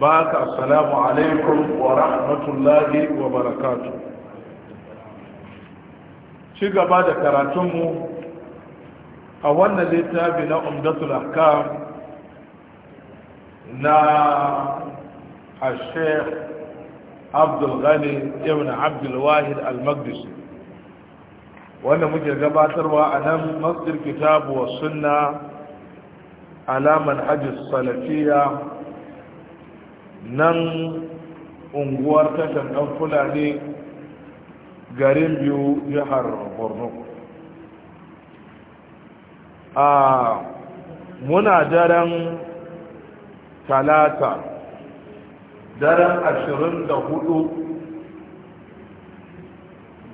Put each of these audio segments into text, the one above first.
ba ka assalamu alaikum wa rahmatullahi wa barakatu ci gaba da karatunmu a wannan littafi na umdatul ahkam na الشيخ عبد الغني ابن عبد al المقدسي wanda muke gabatarwa a nan masjid kitabu wa sunna alaman hajji salafiyya nan unguwar tashar ɗan fulani garin biyu jihar borno a muna daren talata daren ashirin da hudu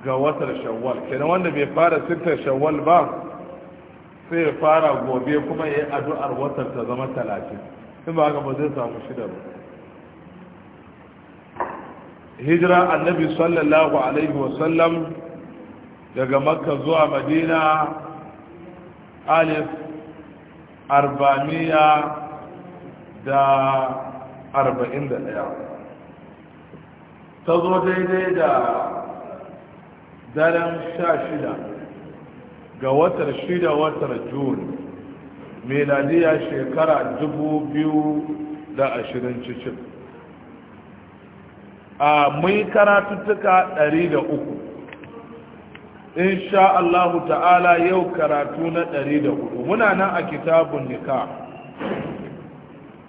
ga watar shawwal kenan wanda bai fara sitar shawwal ba sai ya fara gobe kuma ya yi addu'ar watar ta zama talatin in ba haka ba zai samu shida ba hijira annabi sallallahu alaihi wasallam daga makka zuwa madina alif arba'amiya da arba'in da ɗaya ta zo daidai da daren sha shida ga watar shida watar june meladiya shekara dubu biyu da ashirin cikin a mun karatuttuka 103 insha Allah ta'ala yau karatu na 104 muna nan a kitabun nika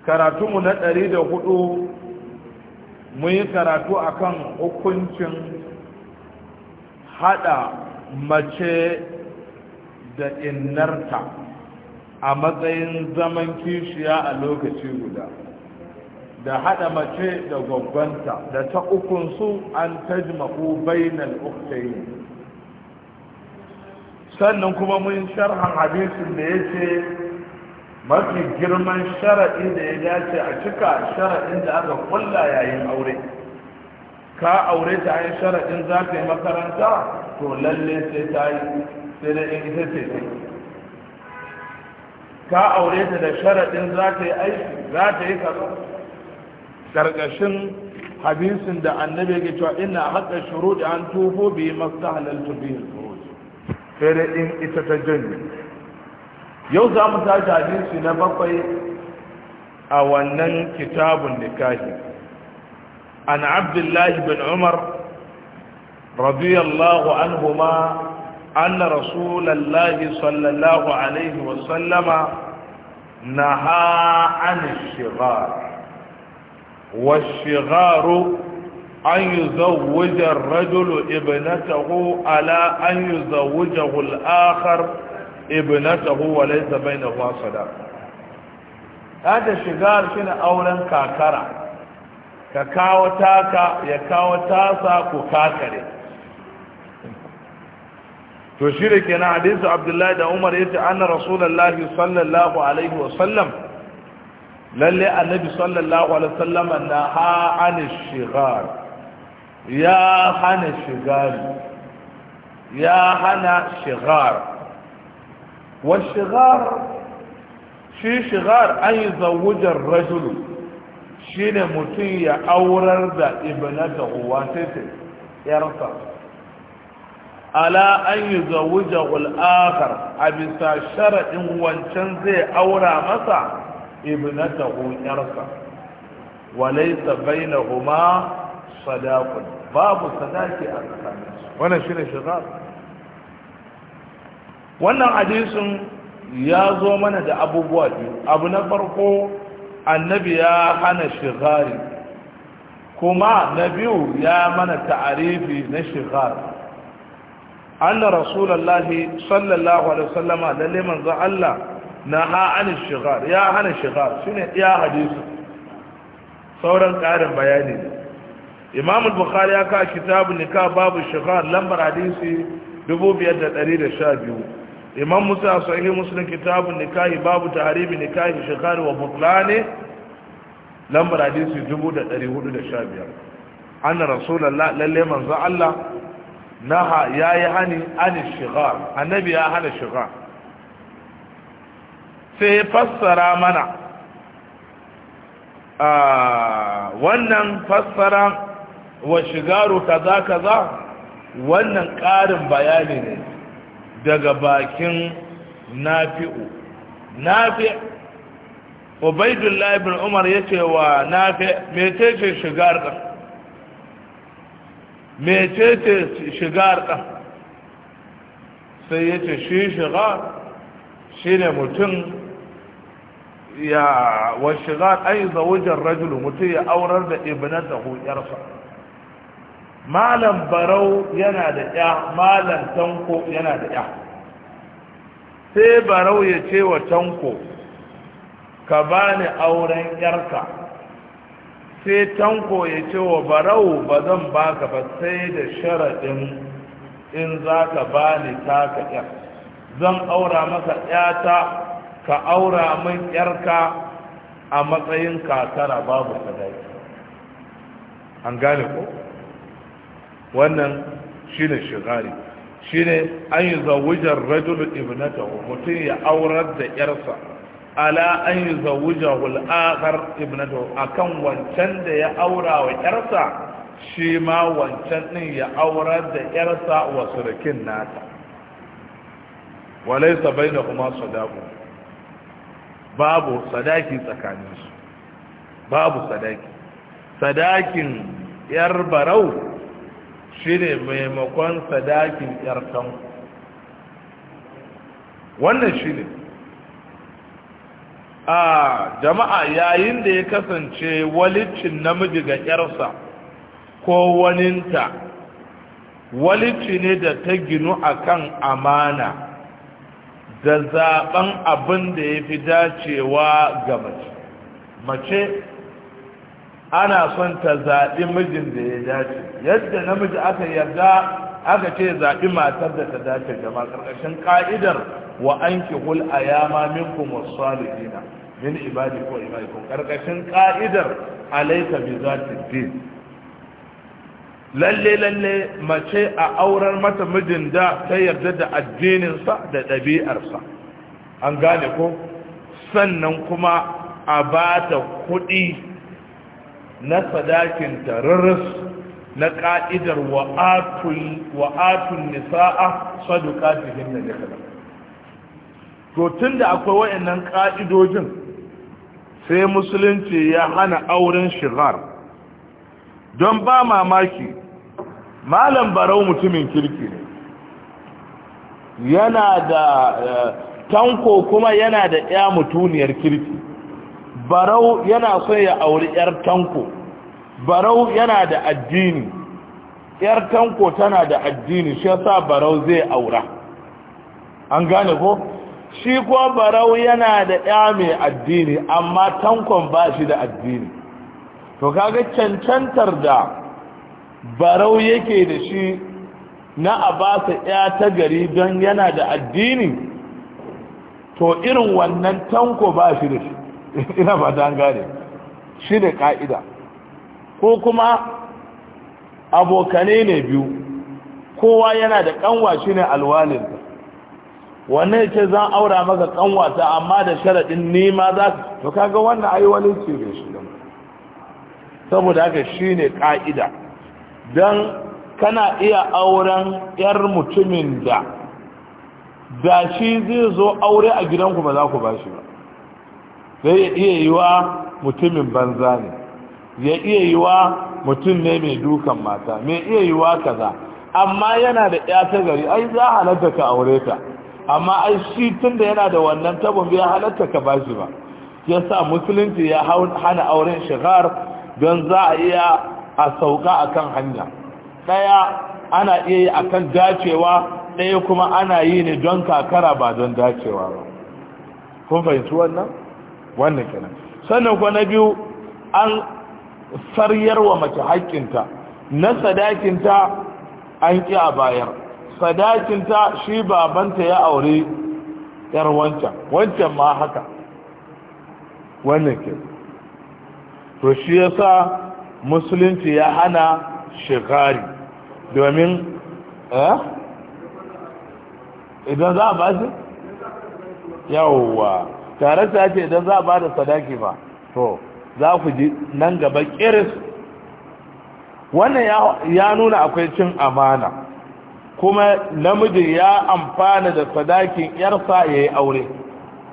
karatunmu na 104 hudu yi karatu a kan hukuncin haɗa mace da innarta a matsayin zaman kishiya a lokaci guda da hada mace da gwaggwanta da ta ukunsu an tajma'u bainal ukhtayn sannan kuma mun sharhan hadisin da ya ce mafi girman shara'i da ya dace a cika shara'in da aka kulla yayin aure ka aure ta yi shara'in za ka yi makaranta to lalle sai ta yi sai da in ita ce ka aure ta da shara'in za ta yi aiki za ta yi kaza Gargashin hadisin da annabi ya cewa ina haka shuru da an tufo bi masu halaltu bi sai dai in ita ta janyo. yau za mu tashi hadisi na bakwai a wannan kitabun nikahi an abdullahi bin umar radiyallahu anhuma أن رسول الله صلى الله عليه وسلم نهى عن الشغار والشغار أن يزوج الرجل ابنته على أن يزوجه الآخر ابنته وليس بينهما صداق هذا شغار شنو أولا كاكرا كاكاو تاكا يكاو تاسا كاكري to shi da kenan hadisu abdullahi da umar yace anna rasulullahi sallallahu alaihi wa sallam lalle annabi sallallahu alaihi wasallam na ha an shigar ya hana shigar. ya hana shigar wa shigar shi shigar an yi zawujar rajulu shine mutum ya aurar da ibnata uwa tete yarsa ala an yi zawujar al'akar a bisa sharaɗin wancan zai aura masa ibnatahu yarsa wa laysa bainahuma sadaqun babu sadaqi a tsakanin wannan shine shigar wannan hadisin ya zo mana da abubuwa biyu abu na farko annabi ya hana shigari kuma na biyu ya mana ta'arifi na shigar An رسول rasulallah sallallahu alaihi عليه وسلم للي من ذا na ha'anin shigar ya hana shigar shi ne iya hadisu sauran ƙarin bayani ne imam bukhari ya ka kitabu nika babu shigar lambar hadisi 5,112 imam musa a sahih muslim kitabu nikahi babu taharibi nikahi shigar wa ne lambar hadisi 4,415 anna rasulallah lalle manzo Allah naha yi hani an shigar annabi ya hana shigar sai fassara mana wannan fassara wa shigaru kaza kaza wannan ƙarin bayani ne daga bakin nafi'u nafi ubaidullah ibn umar ya ce wa nafi metece shigar ɗan metece shigar ɗan sai ya ce shi shigar shi ne mutum ya washiga ai zawujar rajulu mutum ya aurar da ibnatahu yarsa malam barau yana da ya malam tanko yana da ya sai barau ya ce wa tanko ka bani auren yarka sai tanko ya ce wa barau ba zan baka ba sai da sharaɗin in za ka bani taka ya zan aura maka ta ka aura min yarka a matsayin kakara babu sadaki an gane ko wannan shine shigari shine an yi zawujar rajul ibnatahu mutum ya aurar da yarsa ala an yi zawujar hul'akar a kan wancan da ya aura wa yarsa shi ma wancan din ya aurar da yarsa wa surukin nata walaisa bai da kuma sadaku babu sadaki tsakaninsu babu sadaki sadakin yar barau shi ne maimakon sadakin yar tan wannan shi ne a jama'a yayin da ya kasance walicin namiji ga yarsa ko waninta walici ne da ta ginu akan amana da zaben abin da ya fi dacewa ga mace mace ana son ta zaɓi mijin da ya dace yadda namiji aka yarda aka ce zaɓi matar da ta dace jama'a ƙarƙashin ƙa'idar wa an ki hul a yama minkum wasu min ko ibadikum ƙarƙashin ƙa'idar alaika bi zati din lalle lalle mace a auren mata mijin da ta yarda da addininsa da ɗabi'arsa an gane ko sannan kuma a ba ta kuɗi na sadakin tararras na ƙa'idar wa'atun nisa'a saduka cikin da nikalar to tun da akwai wa'annan ƙa'idojin sai musulunci ya hana auren shigar don ba mamaki malam barau mutumin kirki ne yana da eh, tanko kuma yana da ya mutuniyar kirki barau yana so ya auri yar tanko barau yana da addini yar tanko tana da addini shi yasa barau zai aura an gane ko shi ko barau yana da ya mai addini amma tankon ba shi da addini to kaga cancantar da barau yake da shi na a ba sa ya ta gari don yana da addini to irin wannan tanko ba shi da shi ina ba ta gane shi da ka'ida ko kuma abokane ne biyu kowa yana da kanwa shi ne alwalinta wannan ce zan aura maka kanwata amma da sharaɗin nema za ka to kaga wannan ayi wani ce shi saboda haka shi ne ka'ida don kana iya auren 'yar mutumin da da shi zai zo aure a gidanku ba za ku ba shi ba zai iya yi wa mutumin banza ne ya iya yi wa mutum ne mai dukan mata mai iya yi wa kaza amma yana da 'ya ta gari ai za halatta ka aure ta amma ai shi tun da yana da wannan tabon ya halatta ka ba shi ba ya musulunci ya hana auren shigar don za a iya a sauka akan hanya ɗaya ana iya yi akan dacewa ɗaya kuma ana yi ne don kakara ba don dacewa ba kun fahimci wannan wannan kenan sannan kuwa na biyu an saryar wa mace haƙƙinta na sadakinta an ƙi a bayar sadakinta shi babanta ya aure yar wancan wancan ma haka wannan kenan to shi yasa musulunci ya hana shikari domin eh? idan za a ba shi yawwa tare ta ce idan za a ba da sadaki ba to za ku ji nan gaba kiris wannan ya nuna akwai cin amana kuma namiji ya amfana da sadakin yarsa ya yi aure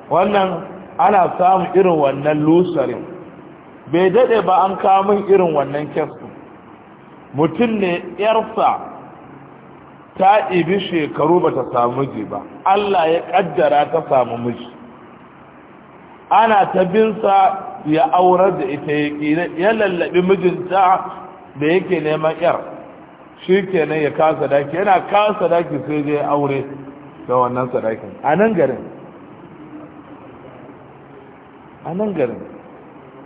wannan ana samun irin wannan lusarin bai daɗe ba an min irin wannan kyastu mutum ne yarsa ta ɗibi shekaru ba ta samu miji ba Allah ya ƙaddara ta samu miji ana ta binsa ya aurar da ita ya lallaɓi mijinta da yake neman yar shi kenan ya kawo sadaki yana kawo sadaki sai zai aure da wannan sadakin a nan garin a nan garin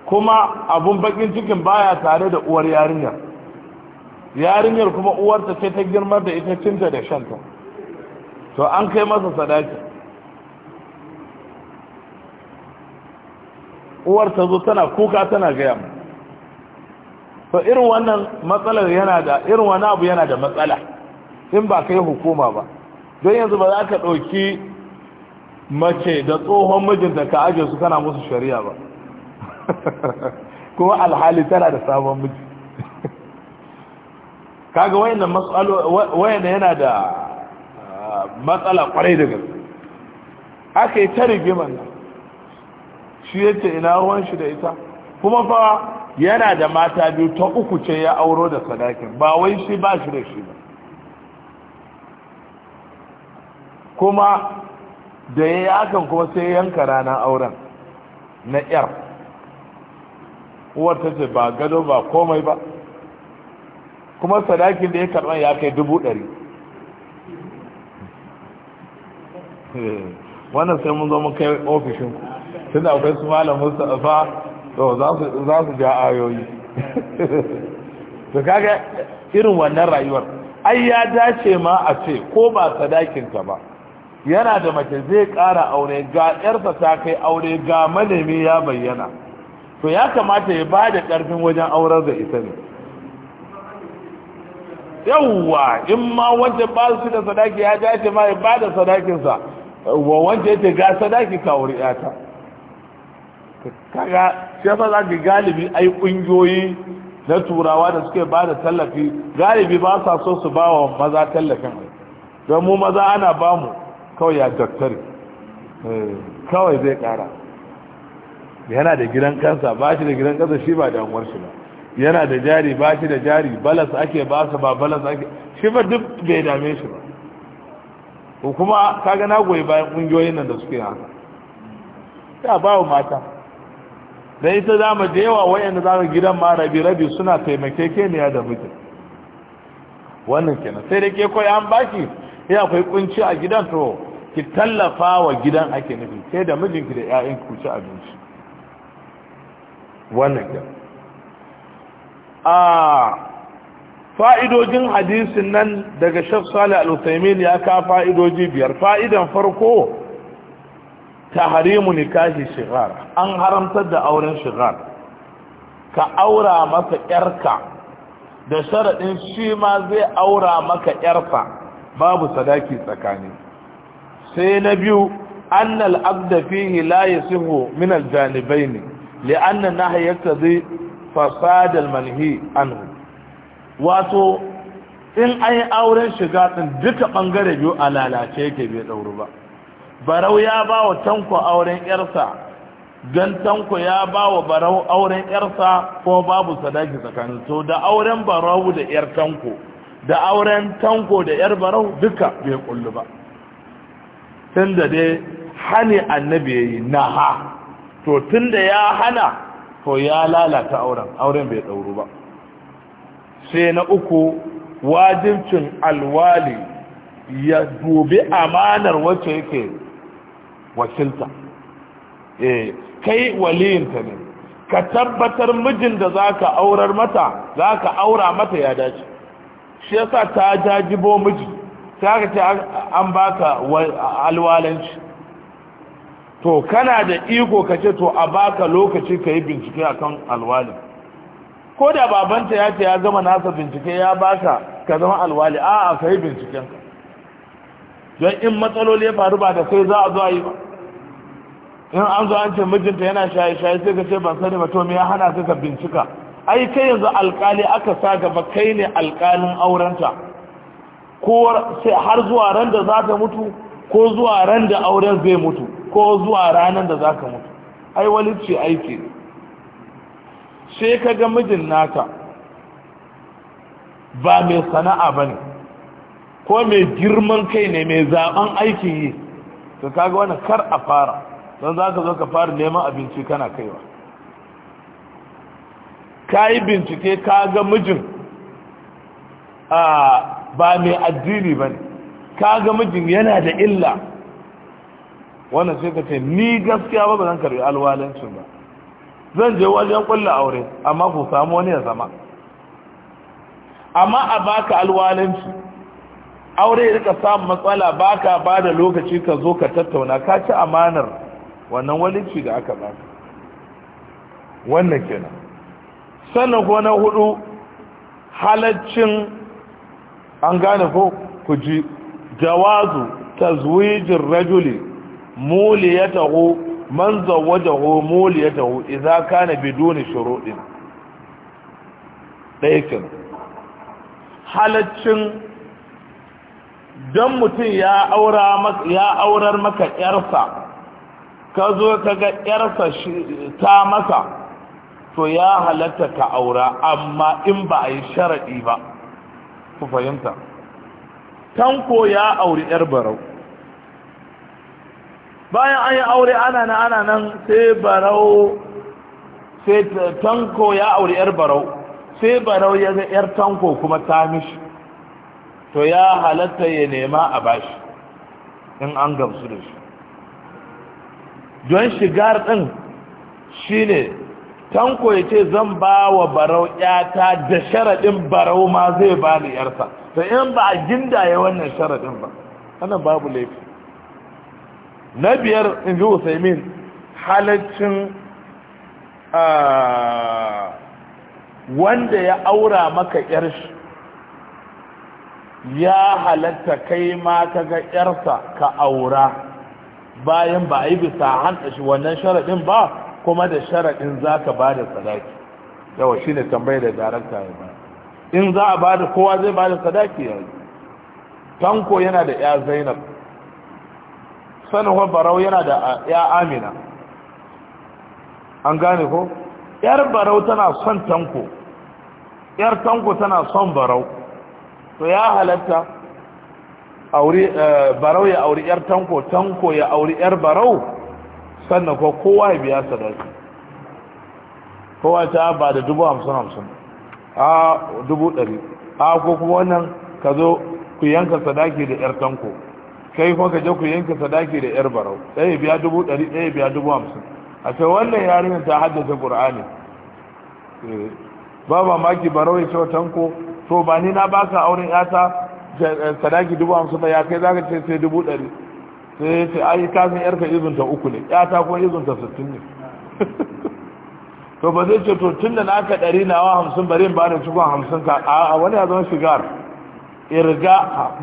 kuma abun bakin cikin baya tare da uwar yarinyar yarinyar kuma uwarta ce ta girmar da ita cinta da shanta to an kai masa sadaki uwar ta zo tana kuka tana gaya mu to irin wannan matsalar yana da irin wani abu yana da matsala in ba kai hukuma ba don yanzu ba za ka ɗauki mace da tsohon mijinta ka aje su kana musu shari'a ba kuma alhali tana da sabon miji kaga wayan da yana da ah, matsala kwarai da gaske aka yi ta rigiman nan shi yadda ina ruwan shi da ita kuma fa yana da mata biyu ta uku ce ya auro da sadakin ba wai shi ba shi da shi ba kuma da ya yi hakan kuma sai yanka ranar auren na 'yar uwar ta ce ba gado ba komai ba kuma sadakin da ya karɓa ya kai dubu ɗari wannan sai mun zo mun kai ofishin ku tun da akwai su malam mustafa to za su ja ayoyi to kaga irin wannan rayuwar ai ya dace ma a ce ko ba sadakin ka ba yana da mace zai kara aure ga ƴarsa ta kai aure ga malami ya bayyana to ya kamata ya ba da ƙarfin wajen aurar da ita ne yauwa in ma wanda ba su da sadaki ya dace ma ya ba da sadakinsa wa wanda ya ce ga sadaki ka wuri ta kaga shi yasa za ka galibi ai ƙungiyoyi na turawa da suke ba da tallafi galibi ba sa so su ba wa maza tallafin don mu maza ana ba mu kawai ya daktari eh, kawai zai ƙara yana da gidan kansa ba shi da gidan kansa shi ba damuwar shi ba yana da jari ba shi da jari balas ake ba su ba balas ake shi ba duk bai dame shi ba ko kuma kaga na goyi bayan kungiyoyin nan da suke haka ta ba wa mata da ita za mu da yawa wayanda za mu gidan ma rabi rabi suna taimakekeniya da mutum wannan kenan sai da ke koyi an baki ya akwai kunci a gidan to ki tallafa wa gidan ake nufi sai da mijinki da 'ya'yanki ku ci abinci wannan ga a fa'idojin hadisin nan daga shaf salih al-usaimin ya ka fa'idoji biyar fa'idan farko ta harimu nikahi shigar an haramtar da auren shigar ka aura masa yarka da sharaɗin shi ma zai aura maka yarsa babu sadaki tsakani sai na biyu annal abda fihi la yasihu min aljanibaini li'annan nahi yaktazi fasad al-manhi anhu wato in an yi auren shiga ɗin duka ɓangare biyu a lalace yake bai ɗauru ba barau ya bawa wa tanko auren yarsa don tanko ya bawa barau auren yarsa ko babu sadaki tsakanin da auren barau da yar tanko da auren tanko da yar barau duka bai kullu ba Tunda dai hani annabi ya na ha. to tunda ya hana to ya lalata auren auren bai dauru ba sai na uku wajibcin alwali ya dubi amanar wacce yake wasilta. eh kai waliyinta ne ka tabbatar mijin da zaka aurar mata zaka aura mata ya dace shi yasa ta jajibo miji sai ka ce an baka alwalanci to kana da iko ka ce to a baka lokaci ka yi bincike a kan alwali ko da babanta ya ce ya zama nasa bincike ya baka ka zama alwali a a ka yi ka. don in matsaloli ya faru ba da sai za a zo a yi ba in an zo an ce mijinta yana shaye-shaye sai ka ce ban sani ba to me ya hana ka ka bincika ai kai yanzu alkali aka sa gaba kai ne alkalin aurenta ko har zuwa ran da za ta mutu ko zuwa ran da auren zai mutu ko zuwa ranar da za ka mutu ai ce aiki sai ka ga mijin nata ba mai sana'a ba ne ko mai girman kai ne mai zaben aikin yi ka kaga wani kar a fara don za ka zo ka fara neman abinci kana kaiwa ka yi bincike ka ga mijin ba mai addini ba ne ka ga mijin yana da illa wannan sai ka ce ni gaskiya ba zan karbi alwalancin ba zan je wajen kulla aure amma ku samu wani ya zama amma a baka alwalanci aure ya rika samun matsala baka ba da lokaci ka zo ka tattauna ka ci amanar wannan walinci da aka baka wannan kenan sannan ko na hudu halaccin an gane ko ku ji jawazu tazwijin rajuli muliyatahu man zawwajahu muliyatahu idza kana biduni shuruɗin ɗaya halaccin don mutum ya aurar maka ƴarsa ka zo ka ga ƴarsa ta masa to ya halatta ka aura amma in ba a yi sharaɗi ba ku fahimta tanko ya auri ƴar barau bayan an yi aure ana nan ana nan sai barau sai tanko ya aure yar barau sai barau ya ga yar tanko kuma ta mishi to ya halatta ya nema a bashi in an gamsu da shi don shigar ɗin shine tanko ya ce zan ba wa barau ƴata da sharaɗin barau ma zai ba ni ƴarsa to in ba a gindaye wannan sharaɗin ba ana babu laifi na biyar in ji usaimin halaccin wanda ya aura maka yar shi ya halatta kai ma kaga yarsa ka aura bayan ba a yi bisa hanta shi wannan sharaɗin ba kuma da sharaɗin za ka ba sadaki yawa shi ne tambayar da darakta ya ba in za a ba kowa zai bada da sadaki yanzu tanko yana da ya zainab wa barau yana da ya amina an gane ko yar barau tana son tanko yar tanko tana son barau to ya halatta aure eh, barau ya auri yar tanko tanko ya auri yar barau sannan ko kowa ya biya sadaki kowa ta ba da dubu hamsin hamsin a dubu ɗari a ko kuma wannan ka zo ku yanka sadaki da yar tanko kai kuma ka je ku yanke sadaki da yar barau ɗaya biya dubu ɗari ɗaya biya dubu hamsin a ce wannan yarinyar ta haddace ƙur'ani eh, ba mamaki barau ya ce tanko to ba ni na baka auren yata eh, sadaki dubu hamsin ba ya kai za ka ce sai dubu ɗari sai ya ce ai kasan yarka izinta uku ne yata kuma izinta sittin ne to ba zai ce to tun da na aka ɗari nawa hamsin bari in ba da cikon hamsin ka a wani ya zama shigar irga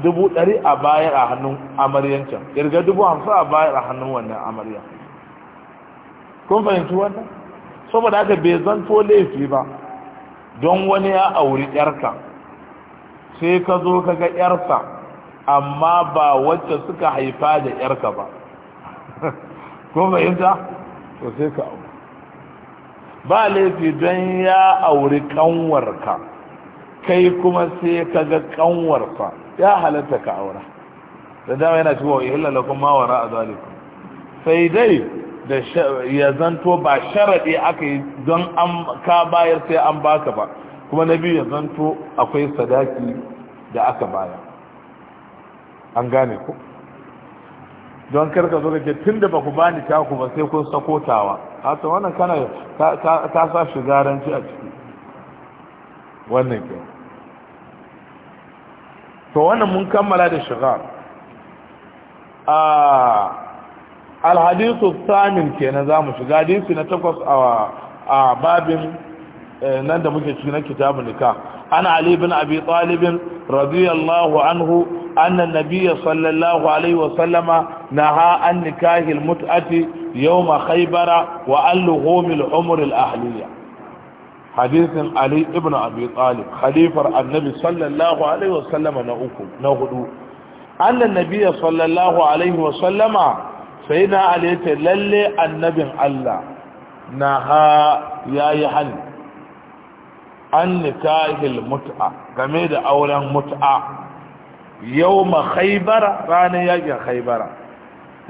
dubu ɗari a bayar a hannun amaryancan irga dubu hamsin a bayar a hannun wannan amarya kun fahimci wannan saboda haka bai zanto laifi ba don wani ya auri yarka sai ka zo ka ga yarsa amma ba wacce suka haifa da yarka ba kun fahimta to sai ka auri ba laifi don ya auri kanwarka kai kuma sai ka ga kanwarsa ya halatta ka aura da dama yana cewa illa lakum ma a azalikum sai dai da ya zanto ba sharadi aka yi don an ka bayar sai an baka ba kuma na biyu ya zanto akwai sadaki da aka bayar. an gane ku don karka zo kake tun da ba ku bani taku ba sai kun sakotawa hata wannan kana ta sa shigaranci a ciki wannan kenan to wannan mun kammala da shigar alhadisu samin kenan za mu shiga hadisi na takwas a babin eh, nan da muke cikin kitabu nika ana ali bin abi talibin radiyallahu anhu anna nabiyya sallallahu alaihi wa sallama naha an nikahil mut'ati yawma khaibara wa al-lughumil umr al hadisin ali ibn abi khalifar annabi sallallahu alaihi wasallama na na hudu annan nabiya sallallahu alaihi wasallama sai na ali ta lalle annabin allah na ha yayi hani an nikahil mut'a game da auren mut'a yawma khaybara Rana yakin khaybara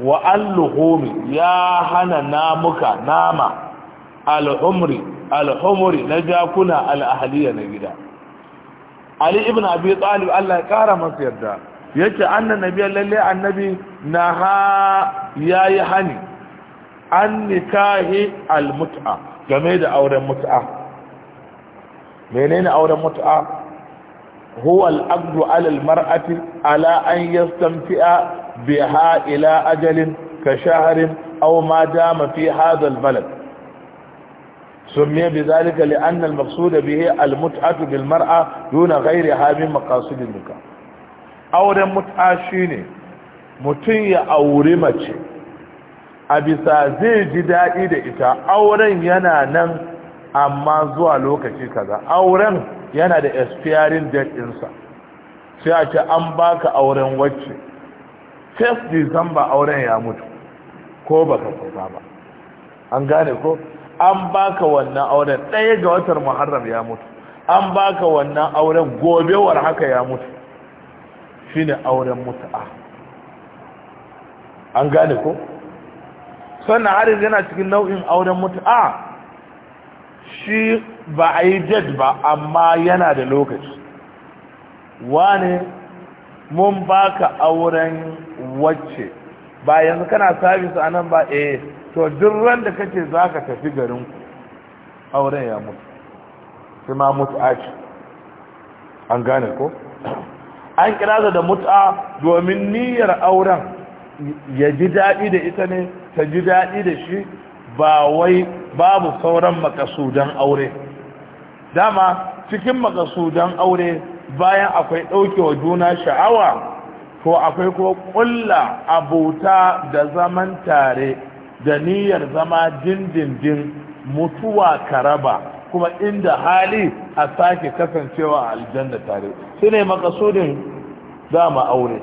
wa al ya hana namuka nama al'umri. alhumuri na jakuna al'ahaliya na gida ali ibn abi talib Allah ya kara masa yarda yace annan nabiyyan lalle annabi ya yi hani an nikahi almut'a game da auren mut'a menene auren mut'a huwa al-aqdu 'ala marati 'ala an yastamti'a biha ila ajalin ka shahrin aw ma dama fi hadha balad سمي بذلك لأن المقصود به المتعة بالمرأة دون غيرها من مقاصد النكاح auren mut'a shine mutum ya auri mace a bisa zai ji daɗi da ita auren yana nan amma zuwa lokaci kaza auren yana da expiring date ɗinsa sai a ce an baka auren wacce 1st december auren ya mutu ko baka kusa ba an gane ko an baka wannan auren ɗaya ga watan muharram ya mutu an baka wannan auren gobewar haka ya mutu shine auren mutu'a an gane ko sannan har yana cikin nau'in auren mutu'a shi ba a yi jad ba amma yana da lokaci wane mun baka auren wacce ba yanzu kana sabis a nan ba eh to duk ran da kake za ka tafi garin auren ya mutu sai ma a ce an gane ko an kira da mutu'a domin niyyar auren ya ji daɗi da ita ne ta ji daɗi da shi ba wai babu sauran makasudan aure dama cikin makasudan aure bayan akwai ɗaukewa juna sha'awa ko akwai ko ƙulla abuta da zaman tare da niyyar zama dindindin mutuwa karaba kuma inda hali a sake kasancewa a aljanna tare shi ne makasudin mu aure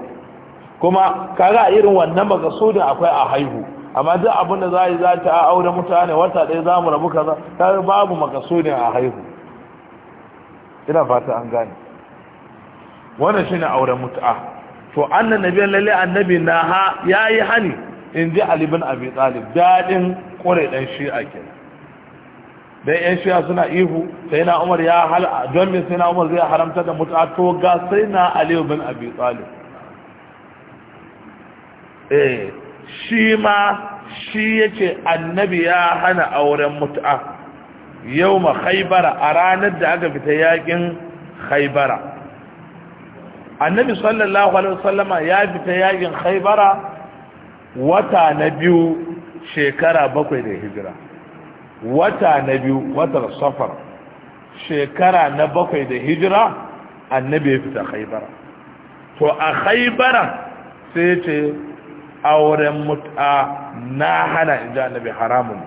kuma kaga irin wannan makasudin akwai a haihu amma duk abin da za yi za ta aure mutane wata ɗaya za mu rabu kaza kaga babu makasudin a haihu ina fata an gane wannan ne auren mutu'a to annan nabiyyan lalle annabi na ha yayi hani in ji alibin abi talib daɗin ƙure ɗan shi'a ke dai yan shi'a suna ihu sai na umar ya hal don me sai na umar zai haramta da mutu'a to ga sai na aliyu bin abi eh shi ma shi yace annabi ya hana auren mutu'a yau ma haibara a ranar da aka fita yakin haibara annabi sallallahu alaihi wasallama ya fita yakin haibara. wata na biyu shekara bakwai da hijira wata na biyu watar safar shekara na bakwai da hijira annabi ya fita haibara to a haibara sai ce auren mut'a na hana in ji annabi haramun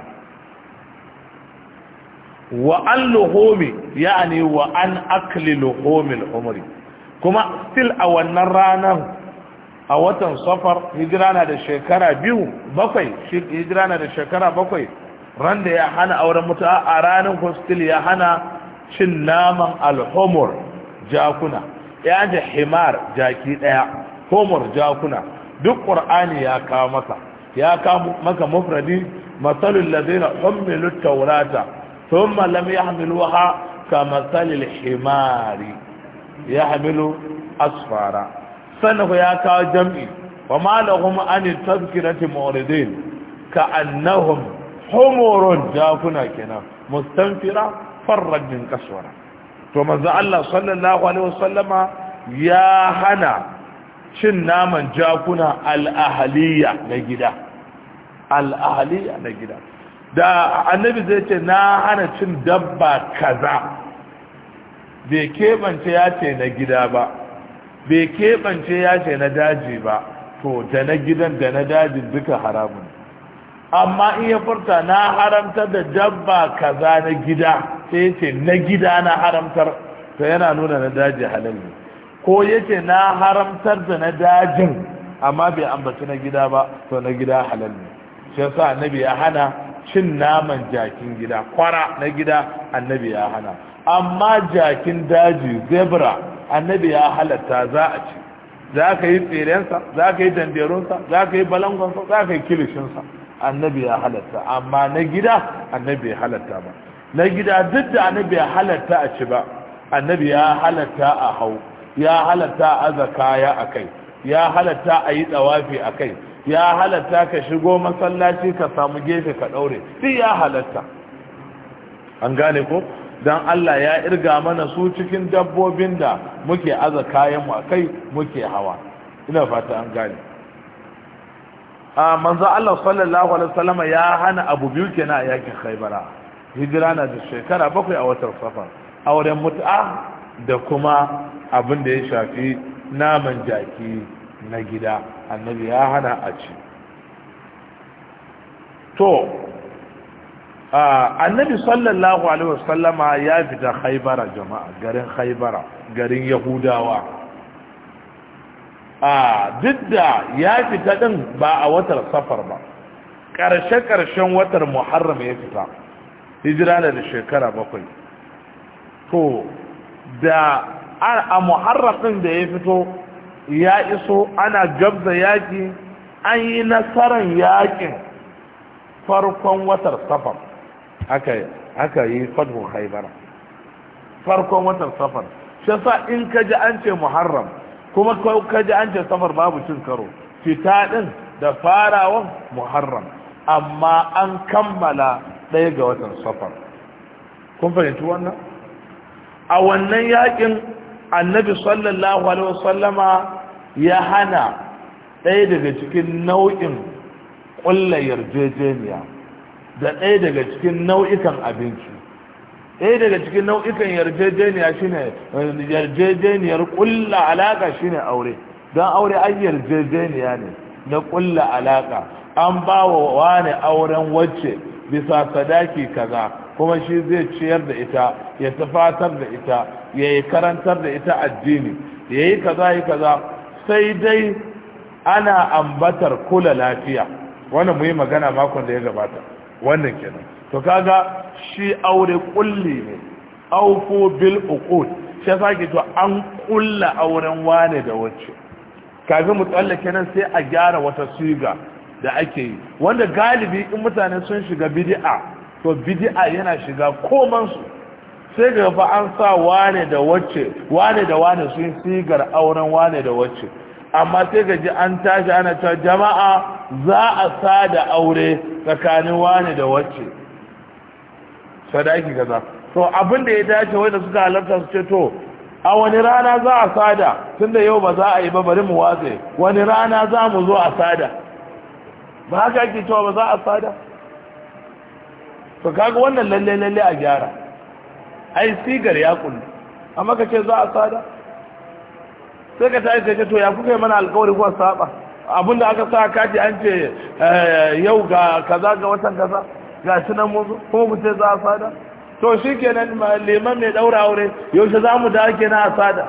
wa an luhomi ya ne wa an akli luhomin umari kuma still a wannan ranar a watan safar hijira na da shekara biyu bakwai hijira na da shekara bakwai ran da ya hana auren mutuwa a ranar hostel ya hana cin naman alhomor jakuna ya da himar jaki daya homor jakuna duk ƙur'ani ya kawo masa ya kawo maka mafradi matsalin lazina hummilu taurata sun malam ya hamilu ha ka matsalin himari ya hamilu asfara sanahu ya kawo jam'i wa malahum an tazkirati muridin ka annahum humurun jakuna kenan mustanfira farrad min kaswara to manzo Allah sallallahu alaihi wasallama ya hana cin naman jakuna al-ahliya na gida al na gida da annabi zai ce na hana cin dabba kaza bai keɓance ya ce na gida ba bai keɓance yaje na daji ba to da na gidan da na daji duka haramun amma in ya furta na haramtar da dabba kaza na gida sai ya ce na gida na haramtar to yana nuna na daji halal ne ko ya ce na haramtar da na dajin amma bai ambaci na gida ba to na gida halal ne shi yasa annabi ya hana cin naman jakin gida kwara na gida annabi ya hana amma jakin daji zebra annabi ya halatta za a ci za ka yi tserensa za ka yi danderunsa za ka yi balangonsa za ka yi kilishinsa annabi ya halatta amma na gida annabi ya halatta ba na gida duk da annabi ya halatta a ci ba annabi ya halatta a hau ya halatta a zakaya a kai ya halatta a yi tsawafi a kai ya halatta ka shigo masallaci ka samu gefe ka ɗaure sai ya halatta an gane ko don Allah ya irga mana su cikin dabbobin da muke aza kayanmu a kai muke hawa ina fata an gane a manzo Allah sallallahu alaihi wasallam ya hana abu biyu kenan a yakin Khaibara hijira na da shekara bakwai a watan safar auren mut'a da kuma abin da ya shafi naman jaki na gida annabi ya hana a ci to annabi sallallahu alaihi wasallama ya fita haibara jama'a garin haibara garin yahudawa a duk da ya fita din ba a watar safar ba ƙarshe-ƙarshen watar muharram ya fita hijira da shekara bakwai to da a muharram da ya fito ya iso ana gabza yaki an yi nasarar yakin farkon watar safar aka yi fadhun haibara farkon watan safar shi sa in ka ji an ce muharram kuma ka ji an ce safar babu cin karo fita din da farawan muharram amma an kammala ɗaya ga watan safar kun fahimci wannan a wannan yakin annabi sallallahu alaihi wasallama ya hana ɗaya daga cikin nau'in ƙulla yarjejeniya da ɗaya daga cikin nau'ikan abinci ɗaya daga cikin nau'ikan yarjejeniya shine yarjejeniyar kulla alaka shine aure don aure an yarjejeniya ne na kulla alaƙa. an ba wa wani auren wacce bisa sadaki kaza kuma shi zai ciyar da ita ya tafatar da ita ya yi karantar da ita addini ya yi kaza yi kaza sai dai ana ambatar kula lafiya wannan mu magana makon da ya gabata wannan kenan to kaga shi aure kulli ne aufu bil uqud shi yasa ke to an kulla auren wane da wacce kafin mu tsallake nan sai a gyara wata siga da ake yi wanda galibi in mutane sun shiga bid'a to bid'a yana shiga koman su sai ga fa an sa wane da wacce wane da wane sun sigar auren wane da wacce amma sai ka ji an tashi ana cewa jama'a za a sada aure tsakanin wani da wacce sadaki kaza to abin da ya dace wanda suka halarta su ce to a wani rana za a sada tun da yau ba za a yi ba bari mu watse wani rana za mu zo a sada ba haka ake cewa ba za a sada to kaga wannan lalle lalle a gyara ai sigar ya kulle amma ka ce za a sada sai ka tashi sai ka to ya kuka yi mana alkawari kuwa saba abinda aka sa kaji an ce eh, yau ga kaza ga watan kaza ga shi nan kuma mu ce za a sada to shi kenan liman mai daura aure yaushe za mu dawo na a sada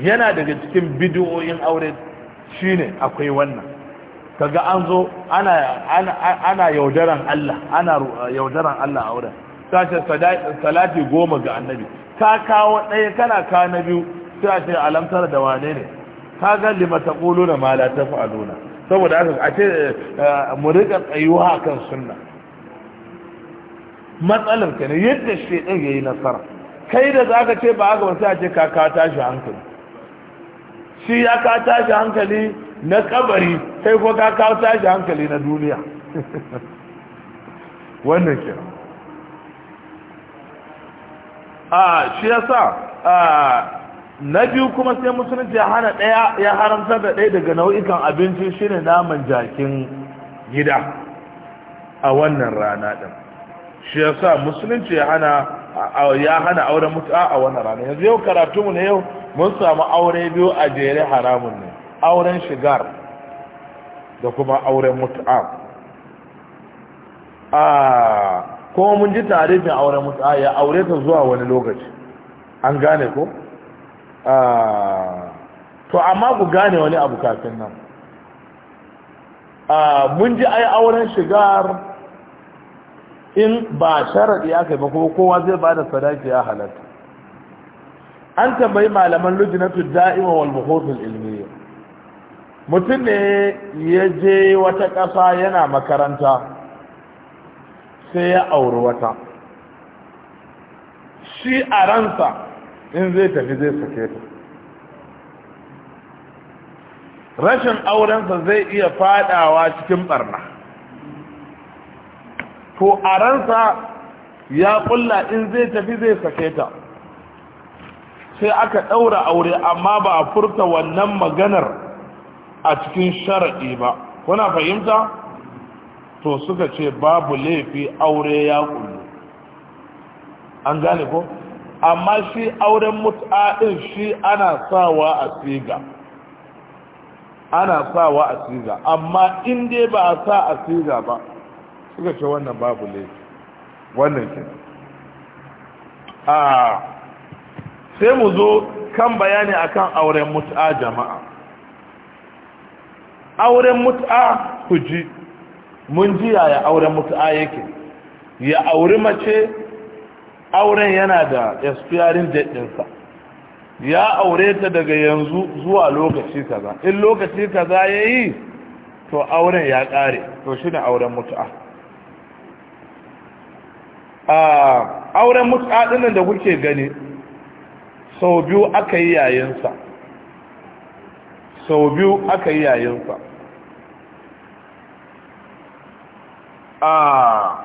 yana daga cikin bidiyoyin aure shine akwai wannan kaga an zo ana ana yaudaran Allah ana yaudaran Allah a wurin salati goma ga annabi ka kawo ɗaya kana ka na biyu sai a ce alamtar da wane ne ka ga lima ta ƙulu na mala ta fa'aluna saboda aka a ce eh, mu riƙa tsayuwa kan sunna matsalar ka ne yadda shi ɗin ya yi nasara kai da za ka ce ba haka ba sai a ce ka ka tashi hankali shi ya ka tashi hankali na kabari sai ko ka ka tashi hankali na duniya wannan kira a shi yasa na biyu kuma sai musulunci ya hana ɗaya ya haramta da ɗaya daga nau'ikan abinci shine naman jakin gida a wannan rana ɗin shi yasa musulunci ya hana ya hana auren mutu'a a wannan rana yanzu yau karatu mu ne yau mun samu aure biyu a jere haramun ne auren shigar da kuma auren mutu'a ko mun ji mai auren musa ya aure ta zuwa wani lokaci an gane ko to amma ku gane wani abu kafin nan mun ji ai auren shigar in ba sharaɗi aka yi ba kuma kowa zai ba da sadaki ya halatta an tambayi malaman lujinatu da'ima wal buhutul ilmiya mutum ne ya je wata ƙasa yana makaranta sai ya auri wata shi a ransa in zai tafi zai sake ta rashin aurensa zai iya fadawa cikin barna to a ransa ya kulla in zai tafi zai sake ta sai aka ɗaura aure amma ba a furta wannan maganar a cikin sharaɗi ba kuna fahimta? to suka ce babu laifi aure ya kullu an gane ko amma shi auren mut'a din shi ana sawa a siga ana sawa a siga amma in dai ba a sa a siga ba suka ce wannan babu laifi wannan ke a sai mu zo kan bayani akan auren mut'a jama'a auren mut'a ku ji mun ji yaya auren mutu'a yake ya auri mace auren yana da expiring date ya aure ta daga yanzu zuwa lokaci kaza in lokaci kaza ya yi to auren ya ƙare to shi ne auren mutu'a auren mutu'a ɗinnan da kuke gani sau biyu aka yi yayinsa sau biyu aka yi yayinsa a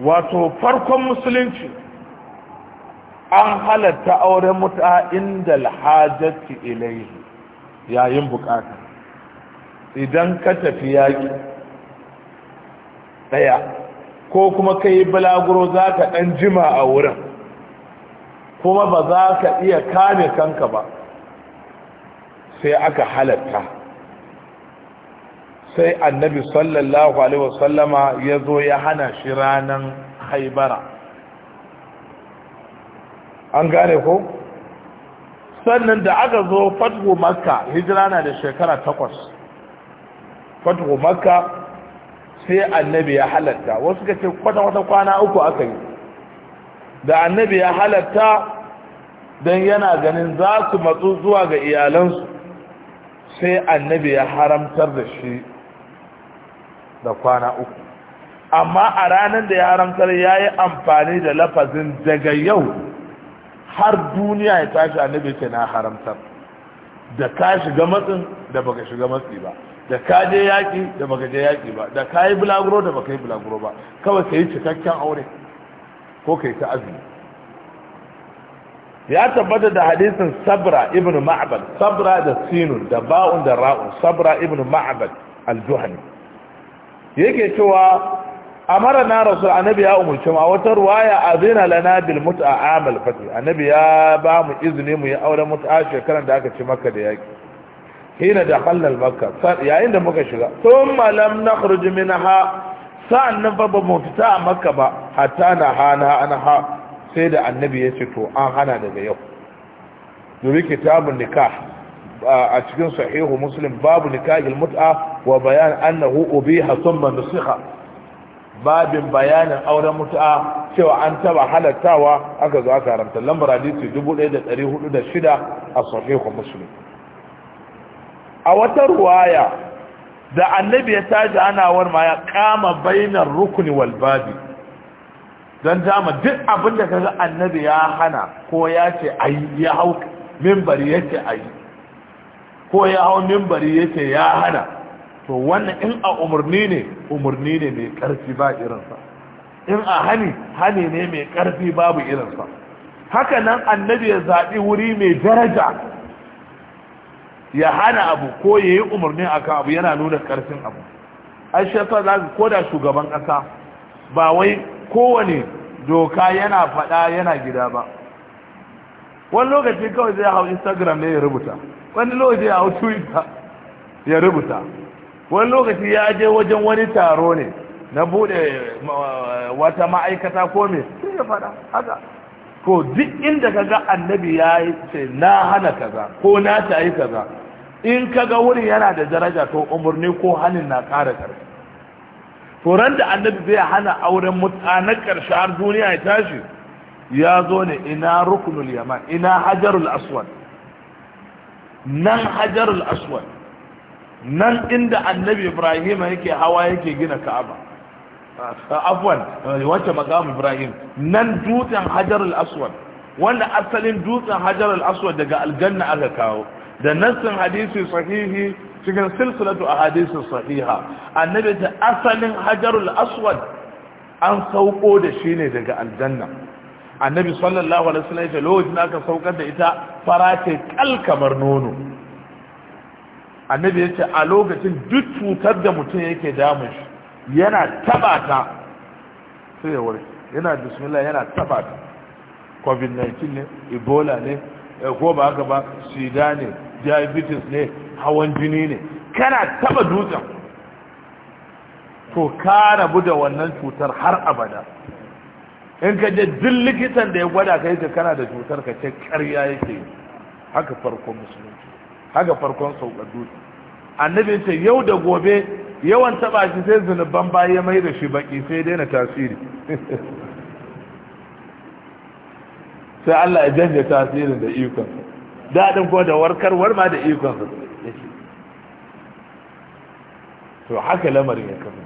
wato farkon musulunci an halatta auren muta inda alhajjati ilaihi yayin bukata idan ka tafi yaki daya ko kuma ka yi balaguro za ka ɗan jima a wurin kuma ba za ka iya kame kanka ba sai aka halatta sai annabi sallallahu alaihi wasallama ya zo ya hana shi ranan haibara an gane ko sannan da aka zo fatwo makka hijira na da shekara takwas fatwo makka sai annabi ya halatta wasu ka ce kwata-kwata kwana uku aka yi da annabi ya halatta don yana ganin za su matsu zuwa ga iyalansu sai annabi ya haramtar da shi da kwana uku amma a ranar da ya haramtar ya yi amfani da lafazin daga yau har duniya ya tashi annabi ce na haramtar da ka shiga matsin da baka shiga matsi ba da ka je yaƙi da baka je yaƙi ba da ka yi bulaguro da baka yi bulaguro ba kawai ka yi cikakken aure ko ka yi ta azumi ya tabbata da hadisin sabra ibn ma'abal sabra da sinun da ba'un da ra'un sabra ibn ma'abal al-juhani yake cewa amara na rasul annabi ya umurce mu a wata ruwaya azina lana bil mut'a amal fati annabi ya ba mu izini mu yi auren mut'a shekaran da aka ci makka da yaki hina da halal makka yayin da muka shiga thumma lam nakhruj minha sa'annan fa ba mu fita a makka ba hatta na hana ana ha sai da annabi ya ce to an hana daga yau dubi kitabun nikah a cikin sahihu muslim babu nikahil mut'a wa bayan annahu ubiha thumma nusikha babin bayanin auren mut'a cewa an taba halattawa aka zo aka haramta lambar hadisi 1406 a sahihu muslim a wata ruwaya da annabi ya taji anawar ma ya kama bainar rukuni wal babi dan dama duk abin da kaga annabi ya hana ko ya ce ayi ya hau mimbar yake ce ayi ko ya hau mimbari ya ce ya hana to wannan in a umarni ne umarni ne mai karfi ba irinsa in a hani hani ne mai karfi babu irinsa haka nan annabi ya zaɓi wuri mai daraja ya hana abu ko ya yi umarni kan abu yana nuna karfin abu ai shafa za ko da shugaban ƙasa ba wai kowane doka yana faɗa yana gida ba wani lokaci kawai zai hau instagram ne ya rubuta wani lokaci ya hau twitter ya rubuta wani lokaci ya je wajen wani taro ne na bude wata ma'aikata ko me sai ya fada haka ko duk inda kaga annabi ya yi ce na hana kaza ko na ta yi kaza in kaga wurin yana da daraja to umarni ko hannun na ƙara ƙarfi to ran da annabi zai hana auren mutanen ƙarshe har duniya ya tashi ya zo ne ina rukunul yaman ina hajarul aswad nan hajarul aswad nan inda annabi ibrahim yake hawa yake gina ka'aba ah, afwan eh, wacce maqam ibrahim nan dutsen hajarul aswad wanda asalin dutsen hajarul aswad daga aljanna aka kawo da nassin hadisi sahihi cikin silsilatu a hadisi sahiha annabi ta asalin hajarul aswad an sauko da shi ne daga aljanna annabi sallallahu alaihi wasallam ya ce lokacin aka saukar da ita fara ce kal kamar nono annabi ya ce a lokacin duk cutar da mutum yake damun shi yana tabata sai ya wuri yana bismillah yana tabata covid-19 ne ebola ne eh, ko ba haka ba sida ne diabetes ne hawan jini ne kana taba dutsen to ka rabu da wannan cutar har abada in ka je duk likitan da ya gwada ka yake kana da cutar ka ce ƙarya yake haka farkon musulunci haka farkon saukar dutse annabi ce yau da gobe yawan taba shi sai zunuban baya mai da shi baki sai daina tasiri sai Allah ya janye tasirin da ikon daɗin ko da warkarwar ma da ikon to haka lamarin ya kafa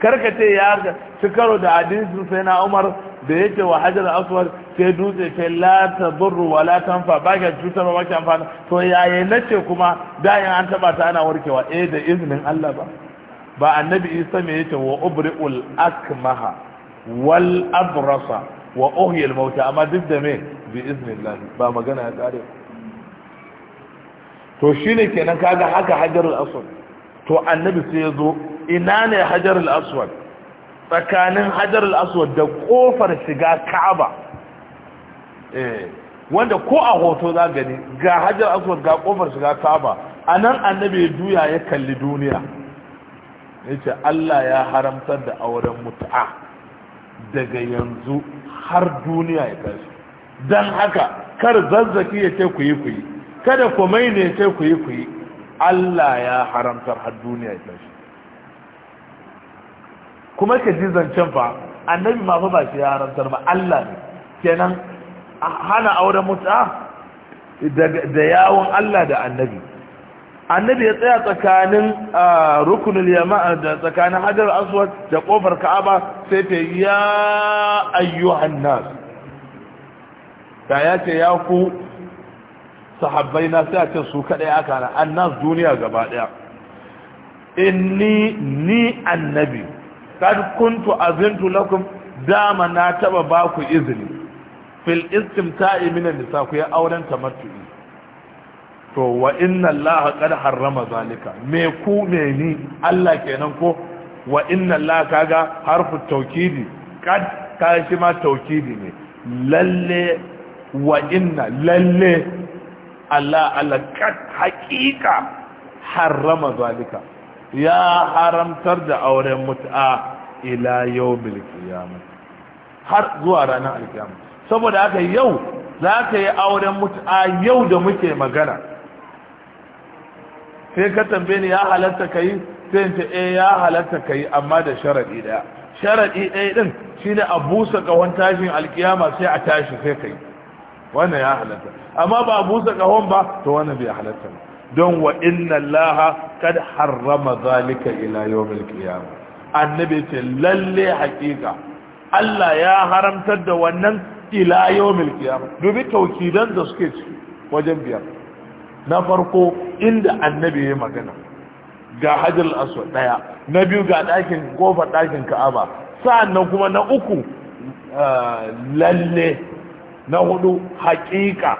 Karka ce ya ci karo da hadisin sai na umar da yake wa hajar aswad sai dutse sai la ta burru wa la tanfa ba ka cuta ba ka amfana to yayi ce kuma da in an taba ta ana warkewa eh da iznin Allah ba ba annabi isa me yake wa ul akmaha wal abrasa wa uhyi al mauta amma duk da me bi iznillah ba magana ya kare to shine kenan kaga haka hajarul aswad to annabi sai ya zo ina ne hajar al tsakanin hajar al da ƙofar shiga ka'aba eh, wanda ko a hoto za gani ga hajar aswad ga ƙofar shiga ka'aba a nan annabi ya duya ya kalli duniya yace Allah ya haramtar da auren mut'a daga yanzu har duniya ya tashi don haka kar zazzaki ya ce ku yi ku yi kada yi ne ya ce ku yi ku yi Allah ya haramtar har duniya ya tashi kuma ka ji zancen fa annabi ma fa ba shi ya haramtar ba Allah ne kenan hana auren mut'a ah, da yawon Allah da annabi annabi ya tsaya tsakanin rukunul yama da tsakanin hajar aswad da kofar ka'aba sai ta ya ayyuhan nas da ya ce ya ku sahabbai na sai a ce su kadai aka na annas duniya gaba ɗaya in ni annabi kad kuntu azintu lakum dama na taba ba ku izini fil istimta'i min nisa ku ya auren tamattu'i to wa inna allaha qad harrama zalika me ku me ni Allah kenan ko wa inna allaha kaga harfu tawkidi kad kaga shi ma tawkidi ne lalle wa inna lalle Allah Allah kad haqiqa harrama zalika ya haramtar da auren mut'a ila yau bilkiyama har zuwa ranar alkiyama saboda haka yau za ka yi auren mut'a yau da muke magana sai ka tambaye ni ya halatta ka yi sai ta e eh, ya halatta ka yi amma da sharaɗi ɗaya sharaɗi ɗaya ɗin shi ne a busa ƙahon tashin alkiyama sai a tashi sai ka yi wannan ya halatta amma ba a busa ƙahon ba to wannan bai halatta ba don wa inna allaha kad harrama zalika ila yawmil qiyamah annabi ce lalle hakika Allah ya haramtar da wannan ila yawmil qiyamah dubi taukidan da suke ci wajen biyar na farko inda annabi ya magana ga hajjal aswa daya na biyu ga dakin kofar dakin ka'aba sa'annan kuma na uku lalle na hudu hakika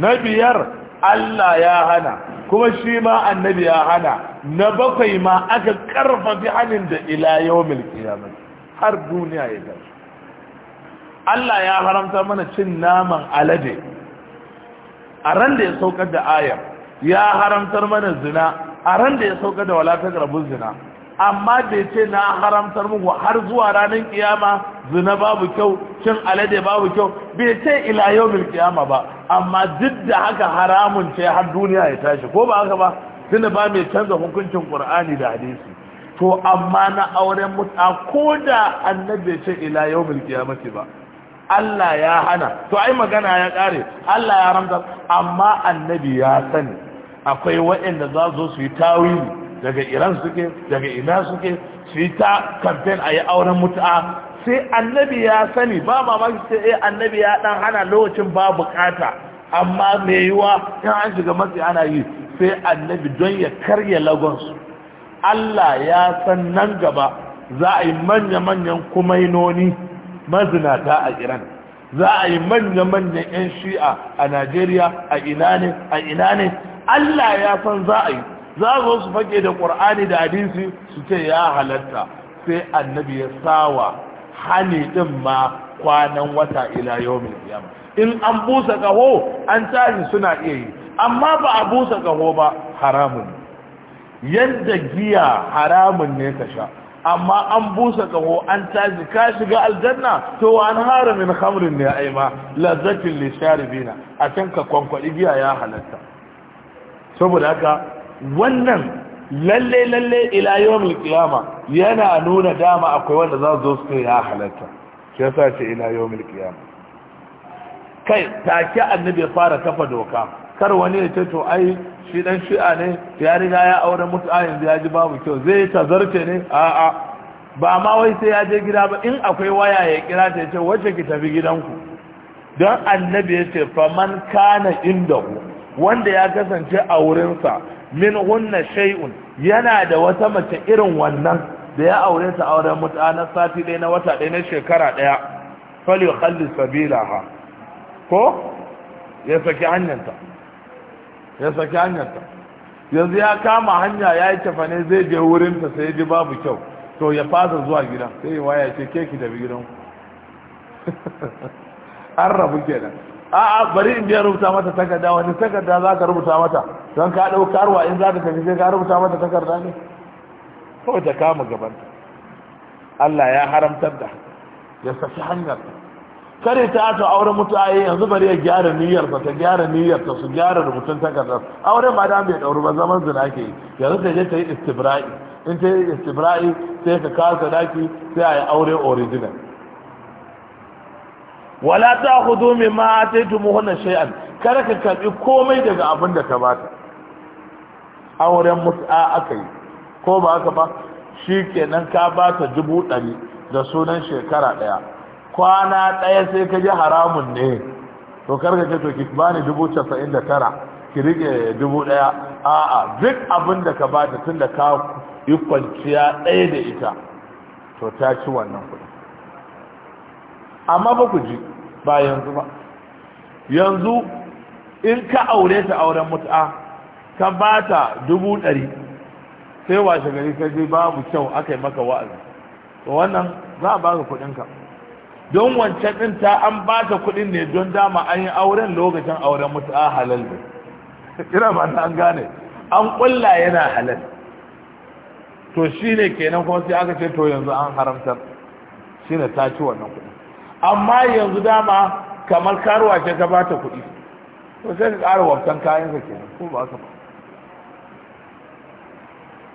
na biyar Allah ya hana kuma shi ma annabi ya hana na bakwai ma aka karfafi hannun da ila ya mai har duniya ya gashi Allah ya haramta mana cin naman alade a ran da ya saukar da ayar ya haramtar mana zina a ran da ya saukar da wala rabu zina amma bai ce na haramtar muku har zuwa ranar kiyama zina babu kyau cin alade babu kyau bai ce ila mil kiyama ba amma duk da haka haramun ce har duniya ya tashi ko ba haka ba tunda ba mai canza hukuncin qur'ani da hadisi to amma na auren mutu ko da annabi ce ila kiyama ce ba Allah ya hana to ai magana ya kare Allah ya haramta amma annabi ya sani akwai waɗanda za su yi tawili daga iran suke daga ina suke su yi ta kamfen a yi auren mutu'a sai annabi ya sani ba mamaki sai eh annabi ya dan hana lokacin ba bukata amma mai yiwa in an shiga matsi ana yi sai annabi don ya karya lagonsu Allah ya san nan gaba za a yi manya-manyan kumainoni mazinata a iran za a yi manya-manyan 'yan shi'a a najeriya a ina ne a ina ne Allah ya san za a yi za su su fake da qur'ani da hadisi su ce ya halatta sai annabi ya sawa hali din ma kwanan wata ila yawmin qiyamah in an busa kaho an tashi suna iya yi amma ba a busa kaho ba haramun yadda giya haramun ne ka sha amma an busa ƙaho an tashi ka shiga aljanna to an haramin khamrin ne ai ma lishari lisharibina a can ka kwankwadi giya ya halatta saboda haka wannan lalle lalle ila yawon qiyama yana nuna dama akwai wanda za zo su ya halatta shi yasa ce ila yawon qiyama kai take annabi ya fara kafa doka kar wani ya ce ai shi dan shi'a ne ya riga ya aure mutu a yanzu ya ji babu kyau zai tazarce ne a'a ba ma wai sai ya je gida ba in akwai waya ya kira ta ya ce wacce ki tafi gidanku don annabi ya ce faman kana inda ku. wanda ya kasance a wurinsa min hunna shay'un yana da wata mace irin wannan da ya aure ta auren mut'a na sati ɗaya na wata ɗaya na shekara ɗaya fali khalli sabilaha ko ya saki hanyarta ya saki hanyarta yanzu ya kama hanya ya yi tafane zai je wurinta sai ji babu kyau to ya fasa zuwa gidan, sai waya ce keki da bi gidan an rabu kenan a'a bari in biya rubuta mata takarda wani takarda za ka rubuta mata don ka ɗau karuwa in za ka tafi sai ka rubuta mata takarda ne kawai ta kama gabanta Allah ya haramtar da ya saki hanyar kare ta ato auren mutu'ayi yanzu bari ya gyara niyyarsa ta gyara niyyarsa su gyara rubutun takardar auren ma da bai ɗauri ba zaman zina ke yi yanzu ta je ta yi istibra'i in ta yi istibra'i sai ka kawo sadaki sai a yi aure original wala ta hudu mai ma ta yi wannan shay'an kada ka karbi komai daga abin da ta bata auren mut'a aka yi ko ba haka ba shi kenan ka bata dubu ɗari da sunan shekara ɗaya kwana ɗaya sai ka ji haramun ne to karka ce to ki ni dubu casa'in da tara ki rike dubu ɗaya a'a duk abin da ka bata tunda da ka yi kwanciya ɗaya da ita to ta ci wannan kuɗi amma ba ku ji ba yanzu ba yanzu in ka aure ta auren mut'a ka ba ta dubu ɗari sai washe gari ka je babu kyau aka yi maka wa'azi to wannan za a baka kuɗinka don wancan ɗin ta an ba ta kuɗin ne don dama an yi auren lokacin auren mut'a halal ne ina ba ta an gane an ƙulla yana halal to shine kenan kuma sai aka ce to yanzu an haramtar shine ta ci wannan kuɗin amma yanzu dama kamar karuwa ce ta bata kuɗi to sai ka ƙara waftan kayan ka kenan ko ba ka ba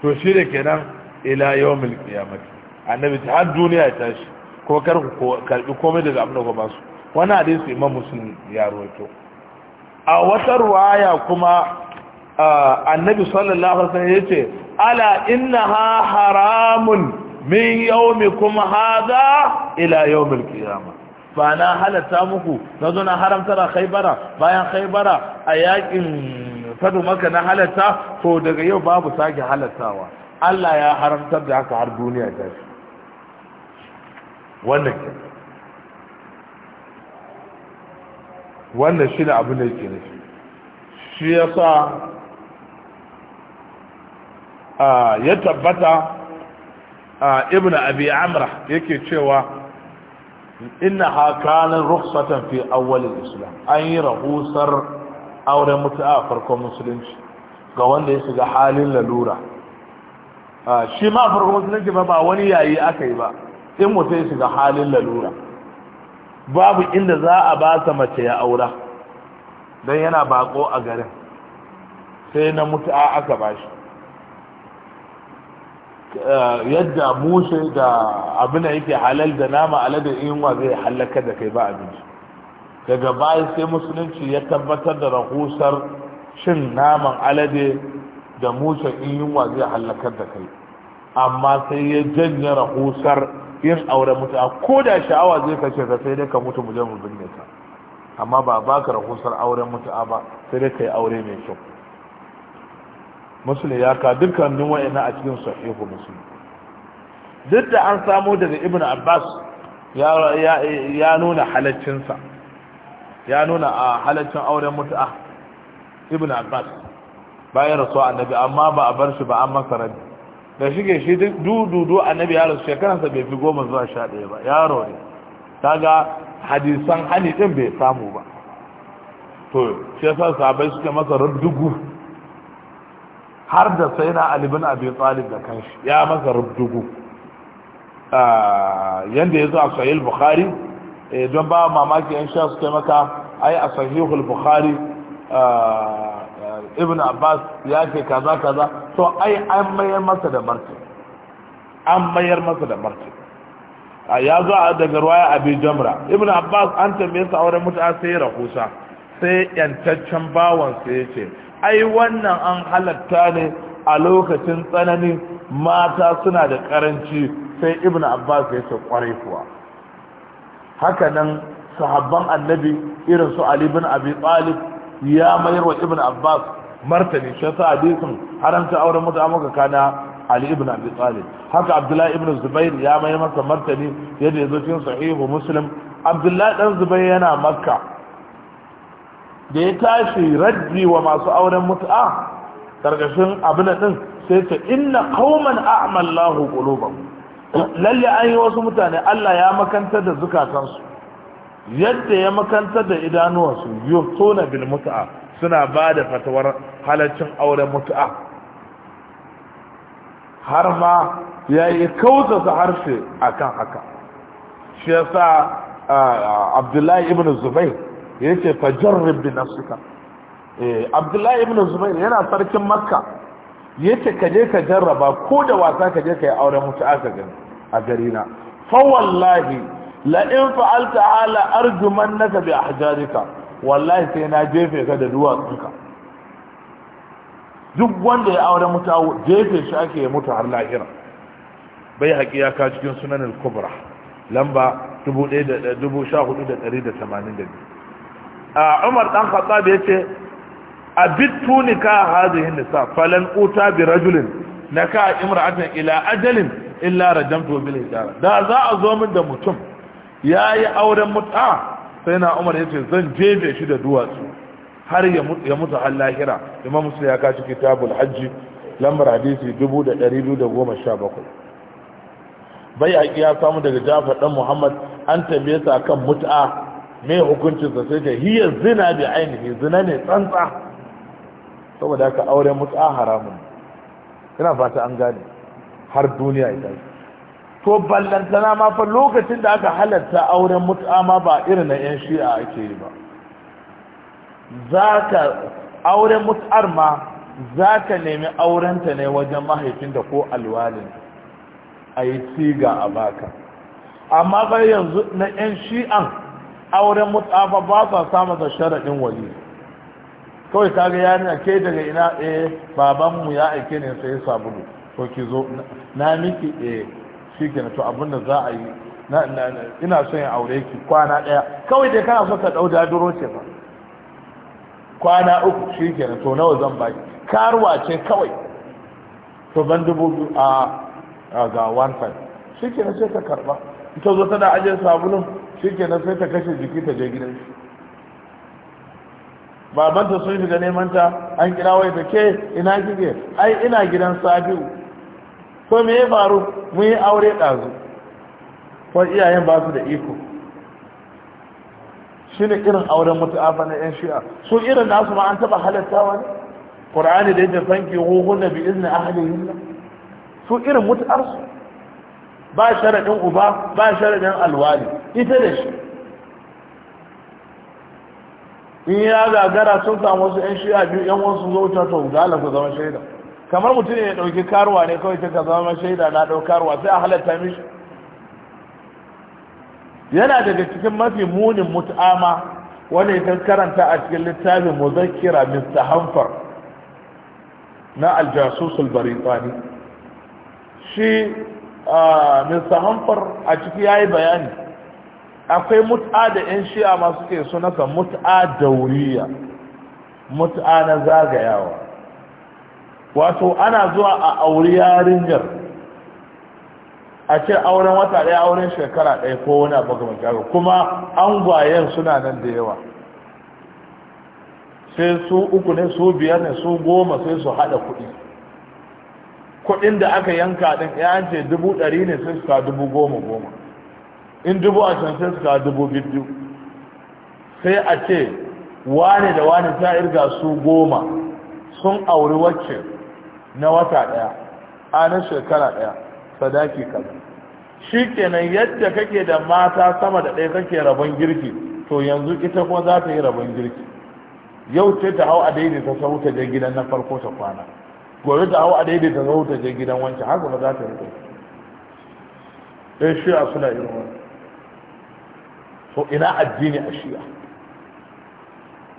to shi da kenan ila yawmil qiyamati annabi ta har duniya ta shi ko kar ku karbi komai daga abin da ku ba su wani hadisi imam muslim ya roto a wata ruwaya kuma annabi sallallahu alaihi wasallam yace ala innaha haramun min yawmikum hadha ila yawmil qiyamah ba na halatta muku na zo na haramta da khaibara bayan khaibara a yakin fadu maka na halatta to daga yau babu sake halattawa Allah ya haramtar da haka har duniya ta shi wannan ke wannan shi da abu ne ke ne shi ya sa ya tabbata ibn abi amra yake cewa inna hakanin rukhsatan fi awwalil islam an yi rahusar auren mutu'a farkon musulunci ga wanda ya shiga halin lalura shi ma farkon musulunci ba ba wani yayi aka yi ba in mutum ya shiga halin lalura babu inda za a ba sa mace ya aura don yana bako a garin sai na mutu'a aka bashi Eh, yadda mushe da abin da yake halal da nama aladar wa zai halaka da kai ba abinci daga baya sai musulunci ya tabbatar da rahusar shin naman alade da mushe in yunwa zai halaka da kai amma sai ya janye rahusar yin aure mutu ko da sha'awa zai kashe ka sai dai ka mutu mu je mu binne ka amma ba baka rahusar auren mutu'a ba sai dai ka yi aure mai kyau musulun ya ka dukkanin wa'ina a cikin sahihu musulun duk da an samu daga ibn abbas ya nuna halaccinsa ya nuna a halaccin auren mutu'a ibn abbas bayan rasu annabi amma ba a bar shi ba an masa rabi da shige shi duk dududu annabi ya rasu shekaransa bai fi goma zuwa sha ɗaya ba yaro ne kaga hadisan hani ɗin bai samu ba to shi yasa sabai suke masa ruddugu har da sai na alibin abin tsalib da kanshi ya masa rubdugu ah, yadda ya zo a sahih bukhari eh, don ba mamaki yan sha su kai maka ai a sahihul bukhari ah, ibn abbas ya ce kaza kaza to ai an mayar masa da martin an mayar masa da martin ah, ya zo a daga ruwaya abin jamra ibn abbas an tambaye sa auren mutu sai rahusa sai yantaccen bawansa ya ce. ai wannan an halatta ne a lokacin tsanani mata suna da karanci sai ibnu abbas ya ce kwarai kuwa haka nan sahabban annabi irin su ali bin abi talib ya mayar wa ibnu abbas martani shi yasa hadisin haramta auren mutu amaka kana ali ibn abi talib haka abdullahi ibn zubair ya mayar masa martani yadda yazo zo cikin sahihu muslim abdullahi dan zubair yana makka da ya tashi raddi wa masu auren mutu'a karkashin abin din sai ta inna qauman a'mallahu qulubahum lalle an yi wasu mutane Allah ya makantar da zukatansu yadda ya makantar da su yuftuna bil mutu'a suna ba da fatawar halaccin auren mutu'a har ma ya yi kautasa harshe akan haka shi yasa abdullahi ibn zubair yace fa jarrib bi nafsika eh abdullahi ibn zubair yana sarkin makka yace ka je ka jarraba ko da wasa ka je ka yi auren mutu aka gani a gari na fa wallahi la in fa'alta ala arjumannaka bi ahjarika wallahi sai na jefe ka da duwatsunka duk wanda ya aure mutu jefe shi ake mutu har lahira bai haƙi ya ka cikin sunanin kubra lamba 1482 A umar dan khattab yace abittu haɗu hadhihi nisa falan uta bi rajulin naka imra'atan ila ajalin illa rajamtu bil hijara da za a zo min da mutum yayi auren mut'a sai na umar ya ce zan jefe shi da duwatsu har ya mutu har lahira imam muslim ya kashi kitabul hajji lambar hadisi bakwai bai a ya samu daga jafar ɗan muhammad an tambaye sa kan mut'a Mai hukuncin sa sai ce hiya zina bi ainihi zina ne tsantsa saboda haka auren mutsa haramun ina fata an gane har duniya ita to ballantana ma fa lokacin da aka halatta auren mutsa ma ba irin na yan shi'a ake yi ba zaka auren mutsar ma zaka nemi aurenta ne wajen mahaifin da ko alwalin a yi tsiga a baka amma bai yanzu na yan shi'an auren mutafa ba sa samun da sharaɗin wali kawai kaga ya nuna ke daga ina a eh, babanmu ya aike ne sai sabulu Ko ki zo na miki a eh, shi ke to abin da za a yi ina son ya aure ki kwana ɗaya kawai dai kana so ka ɗau duro ce ba kwana uku shi ke to nawa zan baki karuwa ce kawai to ban dubu a ga 1 shi ke ce ka karɓa ita zo tana ajiyar sabulun shi na sai ta kashe jiki ta je gidan shi babanta sun shiga neman ta an kira wai ta ke ina kike ai ina gidan sabiu ko me ya faru mun yi aure ɗazu ko iyayen ba su da iko shi ne irin auren mutu'a fa na yan shi'a su irin nasu ma an taɓa halattawa ne ƙur'ani da yake huhu na bi izni yunna su irin mutu'arsu ba sharaɗin uba ba sharaɗin alwali ita da shi in ya gagara sun samu wasu 'yan shi'a biyu 'yan wasu zauta to gala ku zama shaida kamar mutum ne ya ɗauki karuwa ne kawai ta ka zama shaida na ɗau karuwa sai a halatta mishi yana daga cikin mafi munin mut'ama wanda ya karanta a cikin littafin muzakira mr hanfar na aljasusul baritani shi ah, mr hanfar a ciki ya yi bayani akwai mut'a da yan shi'a masu ke ka mut'a dauriya mut'a na zagayawa wato ana zuwa a auri yarinyar a ce auren wata ɗaya auren shekara ɗaya ko wani abu ga majalar kuma gwayen suna nan da yawa sai su uku ne su biyar ne su goma sai su haɗa kuɗi kuɗin da aka yanka ɗin ya ce dubu ɗari ne sai su ka dubu goma goma in dubu can sai suka dubu biyu sai a ce wane da wane ta irga su goma sun auri wacce na wata ɗaya a na shekara ɗaya sadaki kaza shi kenan yadda kake da mata sama da ɗaya kake rabon girki to yanzu ita kuma za ta yi rabon girki yau ce ta hau a daidaita ta wuta je gidan na farko ta kwana gobe ta hau a daidaita ta wuta je gidan wancan haka ba za ta yi ɗaya shi a suna irin wani to ina addini a shi'a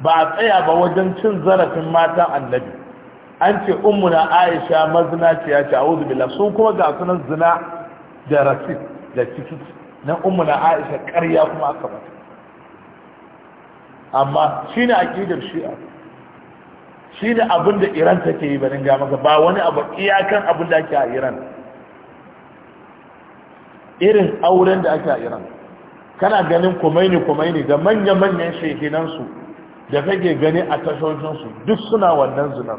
ba a tsaya ba wajen cin zarafin matan annabi an ce ummuna aisha mazina ce a wuzu bila sun kuma ga sunan zina da rasit da ciki na ummuna aisha karya kuma aka bata. amma shi ne ƙidar shi'a shi ne abin da iran take yi banin ga maka ba wani abu iyakan abin da ake a iran irin auren da ake a iran kana ganin kumaini kumaini da manya-manyan shekinansu da kake gani a tashoshinsu duk suna wannan zinan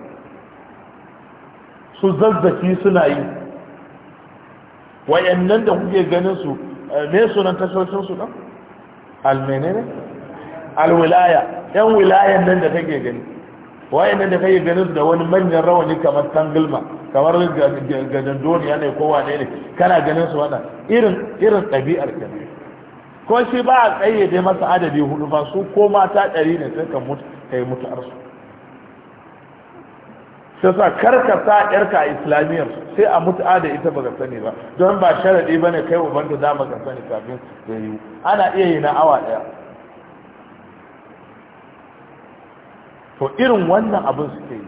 su zazzaki suna yi wayannan da kuke ganin su eh, me sunan tashoshinsu almene ne alwilaya yan wilayen nan da kake gani wayannan da kake ganin su da wani manyan rawani kamar tangulma, kamar gajen doniya ne kowa ne kana ganin su wannan irin irin ɗabi'ar kenan ko shi ba a tsayyade masa adadi hudu ba su ko mata ɗari ne sai ka mutu ka yi mutu arsu sai sa karka sa yarka a islamiyyar sai a mutu da ita baka sani ba don ba sharaɗi ba ne kai uban da dama ka sani kafin da yi ana iya yi na awa ɗaya. to irin wannan abin suke yi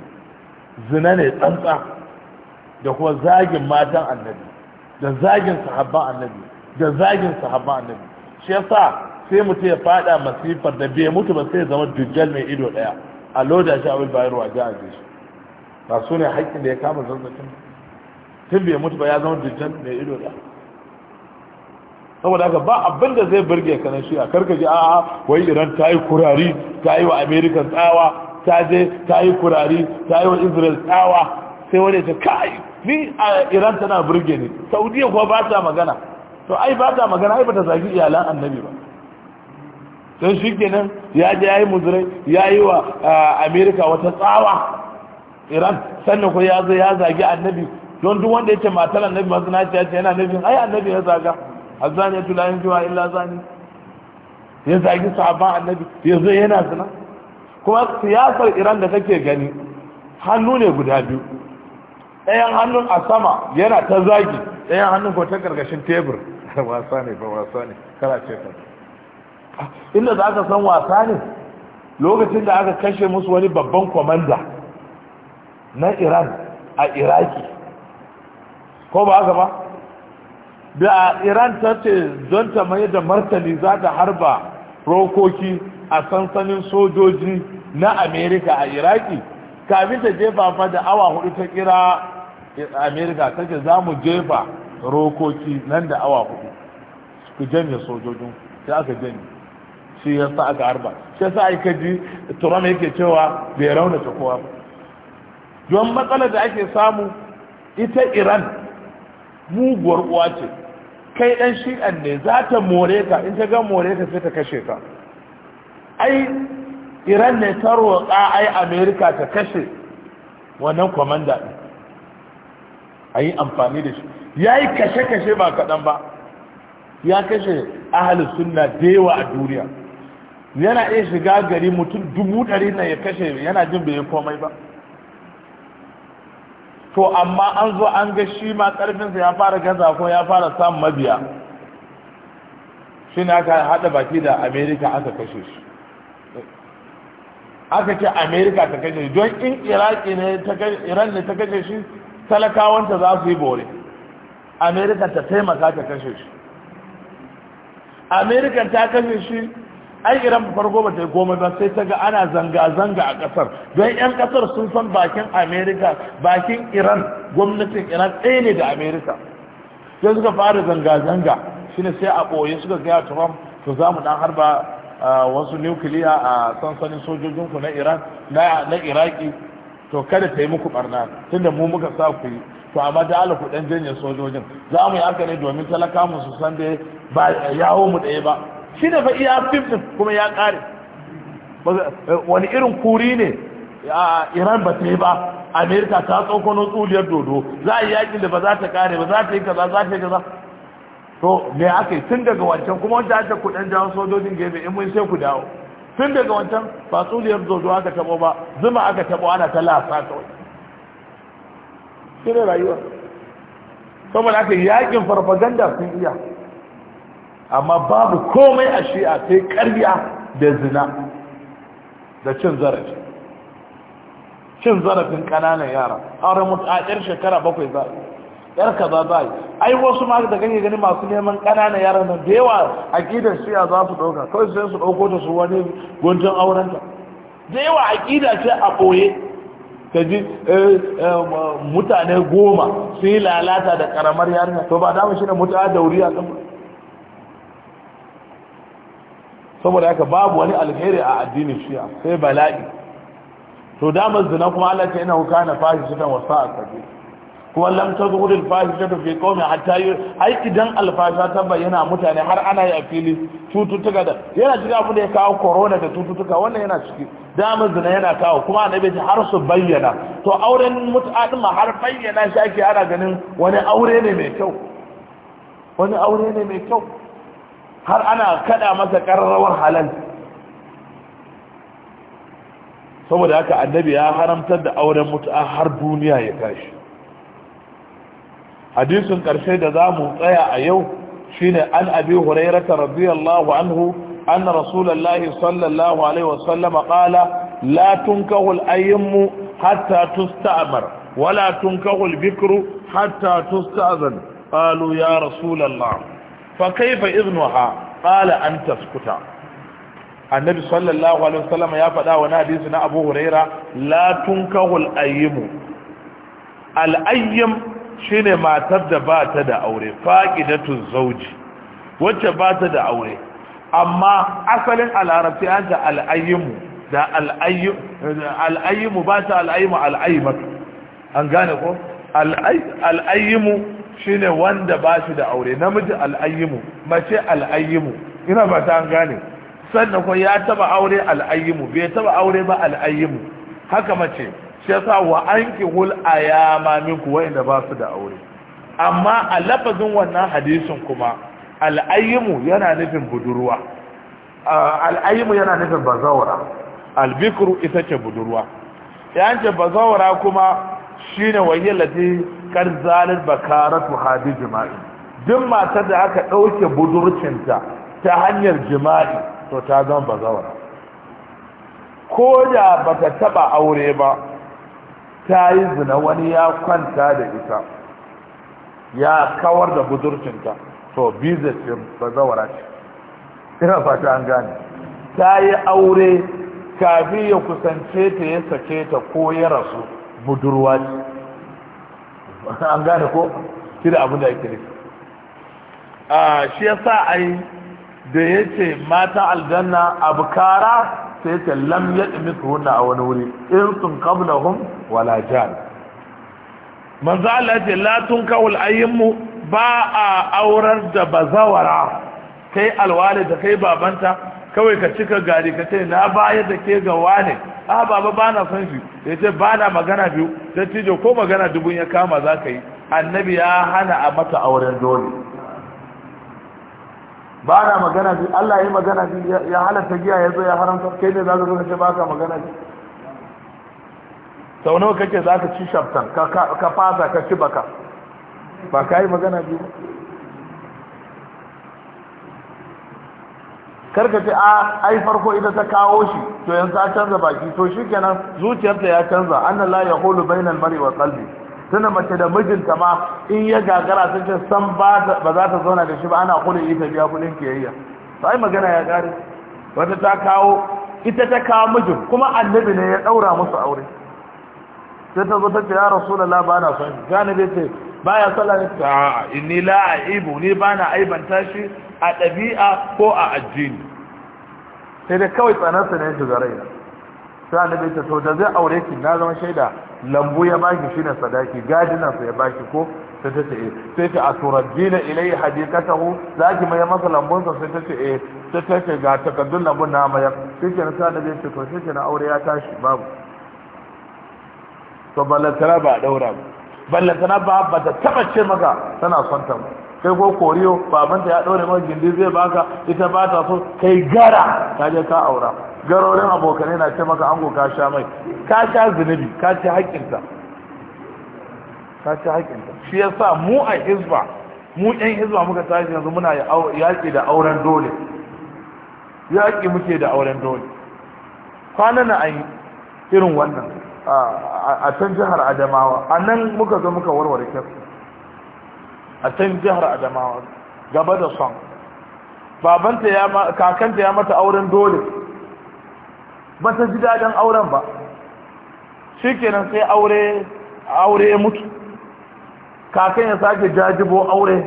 zina ne tsantsa da kuma zagin matan annabi da zagin sahabban annabi da zagin sahabban annabi shi yasa sai mutum ya fada masifar da bai mutu ba sai ya zama dujjal mai ido daya a loda shi abin bayarwa ji a shi ba su ne haƙƙin da ya kama zazzafin tun bai mutu ba ya zama dujjal mai ido daya saboda haka ba abin da zai burge ka na shi a ji a wai iran ta yi kurari ta yi wa america tsawa ta je ta yi kurari ta yi wa israel tsawa sai wani ya ce kai ni a iran tana burge ni saudiya kuwa ba ta magana to ai ba ta magana ai ba ta zagi iyalan annabi ba don shi kenan ya je ya yi muzirai ya yi wa amerika wata tsawa iran sannan ko ya zai ya zagi annabi don duk wanda ya ce matar annabi masu naci ya ce yana nufin ai annabi ya zaga a zane tula yin jiwa illa zane ya zagi sabon annabi ya zai yana zina kuma siyasar iran da kake gani hannu ne guda biyu ɗayan hannun a sama yana ta zagi ɗayan hannun ko ta ƙarƙashin tebur wasa ne ba wasa ne kana ce ka inda za ka san wasa ne lokacin da aka kashe musu wani babban kwamanda na iran a iraki ko ba haka ba da iran ta ce don ta mai da martani za ta harba rokoki a sansanin sojoji na amerika a iraki kafin ta jefa fa da awa hudu ta kira amerika ta ce za mu jefa rokoki nan da awa hudu ku janye sojojin sai aka janye shi ya sa aka arba shi sa aka ji turam yake cewa bai raunata kowa ba don matsalar da ake samu ita iran muguwar uwa ce kai dan shi'an ne za ta more ka in ta ga more ka sai ta kashe ka ai iran ne ta roƙa ai amerika ta kashe wannan kwamanda ɗin a yi amfani da shi ya yi kashe-kashe ba kaɗan ba ya kashe ahalus suna da yawa a duniya yana iya shiga gari mutum dubu ɗari na ya kashe yana jin bai komai ba to amma an zo an ga shi ma ƙarfinsa ya fara gaza ko ya fara samun mabiya shi ne aka haɗa baki da amerika aka kashe shi aka ce amerika ta kashe shi don in iraki ne iran ne ta kashe shi talakawanta za su yi bore amerika ta taimaka ta kashe shi amerika ta kashe shi ai iran farko ba ta yi goma ba sai ta ga ana zanga-zanga a kasar don 'yan kasar sun san bakin amerika bakin iran gwamnatin iran ɗaya ne da amerika sai suka fara zanga-zanga shi ne sai a ɓoye suka gaya trump to za mu dan harba wasu nukiliya a sansanin sojojinku na iran na iraki to kada ta yi muku barna tunda mu muka sa ku yi to amma da ala ku dan sojojin za mu yi haka ne domin talaka mu su san da ba yawo mu ɗaya ba shi da fa iya fifin kuma ya ƙare eh, wani irin kuri ne a iran ba ta yi ba amerika ta na tsuliyar dodo za a yi yakin da ba za ta kare ba za ta yi kaza za ta yi kaza to me aka yi tun daga wancan kuma wancan ake kudin jawon sojojin gefe in mun sai ku dawo tun daga wancan ba tsuliyar dodo aka tabo ba zuma aka tabo ana ta lasa kawai shi ne rayuwa saboda aka yakin farfaganda sun iya amma babu komai a shi'a sai karya da zina da cin zarafi cin zarafin ƙananan yara auren mutu a ƙyar shekara bakwai za yar ka za yi ai wasu ma da gani gani masu neman ƙananan yara nan da yawa shi shi'a za su ɗauka kawai sai su ɗauko ta su wani guntun aurenta da yawa aƙida ce a ɓoye ka ji eh, eh, mutane goma sun yi lalata da karamar yarinya to ba dama shi ne da wuri a kan saboda yaka babu wani alheri a addinin shiya sai bala'i to damar zina kuma Allah ina yana hukana fashi sukan wasa a kaje kuma lam tazhur al fahishatu fi qawmi hatta yu ai idan al fahisha ta bayyana mutane har ana yi a fili cututtuka da yana cikin abu da ya kawo korona da cututtuka wannan yana ciki damar zina yana kawo kuma annabi ta har su bayyana to auren mut'adin ma har bayyana shi ake ana ganin wani aure ne mai kyau wani aure ne mai kyau har ana kada masa karrawar halal saboda haka annabi ya haramtar da auren mutu'a har duniya ya tashi hadisin ƙarshe da za mu tsaya a yau shi ne an abi hurairata radiyallahu anhu an rasulullahi sallallahu alaihi wasallam ƙala la tunkahu al-aymu hatta tusta'mar wala tun kawul bikiru hatta tusta'zan ƙalu ya rasulallah fa kayfa ha ƙala an taskuta annabi sallallahu alaihi wasallam ya faɗa wani hadisi na abu huraira la tunkahu al-aymu al shine matar da ba ta da aure faqidatun zauji wacce ba ta da aure amma asalin al'arabci an ta al'ayyimu da al'ayyimu ba ta al'ayyimu al'ayyimatu an gane ko al'ayyimu shine wanda ba shi da aure namiji al'ayyimu mace al'ayyimu ina ba ta an gane sannan ko ya taba aure al'ayyimu bai taba aure ba al'ayyimu haka mace shi yasa wa ya ayama minku wa'inda ba su da aure amma a lafazin wannan hadisin kuma al'ayyimu yana nufin budurwa al'ayyimu yana nufin bazawara albikru ita ce budurwa Yanke bazawara kuma shine wayyalati karzalir bakaratu hadi jima'i duk mata da aka ɗauke budurcinta ta hanyar jima'i to ta zama bazawara ko da ba ta taɓa aure ba ta yi zina wani ya kwanta da ita ya kawar da budurcinta to bizet ba zawara ce ina fata an gane ta yi aure kafin ya kusance ta ya sake ta ko ya rasu budurwa ce an gane ko shi da abin da ake nufi a shi a yi da ya ce mata aljanna abu kara sai ta lam ya ɗumi hunna a wani wuri in sun kabla hun wala jan manzo Allah ce la tun kawul ayyinmu ba a aurar da bazawara kai alwale da kai babanta kawai ka cika gari ka ce na baya da ke ga wane a ah, baba ba na son shi ya ce ba na magana biyu dattijo ko magana dubun ya kama za ka yi annabi ya hana a mata auren dole ba na magana bi Allah yi magana bi ya halatta giya ya zo ya haramta kai ne za ka zo ce ba ka magana bi sau nawa kake za ka ci shaftan ka fasa ka ci baka ba ka yi magana bi karka ce a ai farko ita ta kawo shi to yanzu ta canza baki to shi kenan zuciyarta ya canza annan la ya hulu bainal mari wa qalbi tana mace da mijinta ma in ya gagara ta ce san ba za ta zauna da shi ba ana kudin ita biya kudin kiyayya sai magana ya gari wata ta kawo ita ta kawo mijin kuma annabi ne ya daura musu aure sai ta zo ta ce ya rasulullah ba na son gani bai ce baya sallah ne ta inni la aibu ni ba na aibanta shi a ɗabi'a ko a addini sai da kawai tsanarsa ne shiga raina sai annabi ta to da zai aure ki na zama shaida lambu ya baki shi na sadaki su ya baki ko sai ta ce eh, sai ta asuradina ilai hadikatahu za ki mai masa lambun sa sai ta ce eh, sai ta ce ga takaddun lambun na mayar sai ta sa da bai ta to sai ke na aure ya tashi babu to ballantana ba a daura ba ballantana ba ba ta taba ce maka tana son ta ba kai ko koriyo babanta ya daure mai gindi zai baka ita ba ta so kai gara ka je ka aura garorin abokanai na ce maka ango ka sha mai ka sha zunubi ka ci haƙƙinta ka ci haƙƙinta shi yasa mu a hizba mu ɗan hizba muka tashi yanzu muna yaƙi da auren dole yaƙi muke da auren dole kwanan na yi irin wannan a can jihar adamawa a nan muka zo muka warware kyasu a can jihar adamawa gaba da son babanta ya kakanta ya mata auren dole ba ta ji daɗin auren ba shikenan sai aure aure ya mutu kakan ya sake jajibo aure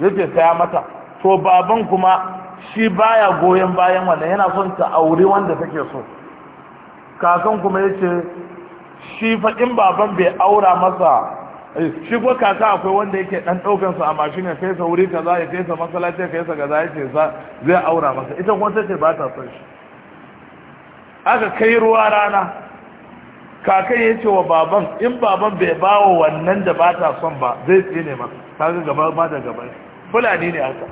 yake saya mata to baban kuma shi baya goyon bayan wannan yana son ta auri wanda take so kakan kuma yace shi fa in baban bai aura masa Eh, shi ko kaka akwai wanda yake dan daukan su a mashin ya kai sa wuri kaza ya kai sa masallaci ya kai sa kaza ya ce sa zai aura masa ita kuma ta ce ba ta son shi aka kai ruwa rana kakan ya ce wa baban in baban bai ba wa wannan da ba ta son ba zai tsine masa kaga gaba ba da gaba fulani ne haka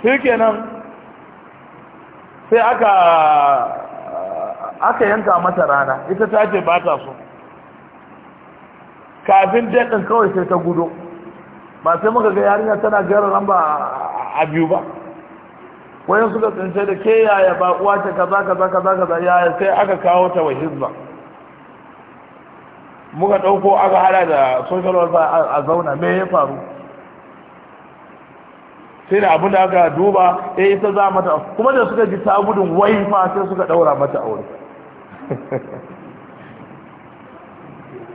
shi kenan sai aka aka yanka mata rana ita ta ce ba ta so kafin daɗin kawai sai ta gudo ba sai muka ga yarinya tana gara lamba a biyu ba wani suka tsince da ke yaya ba uwa ce kaza kaza kaza kaza yaya sai aka kawo ta wa hizba muka ɗauko aka hada da social worker a zauna me ya faru sai da abinda aka duba ya eh, yi ta za mata kuma da suka ji ta gudun wai fa sai suka ɗaura mata aure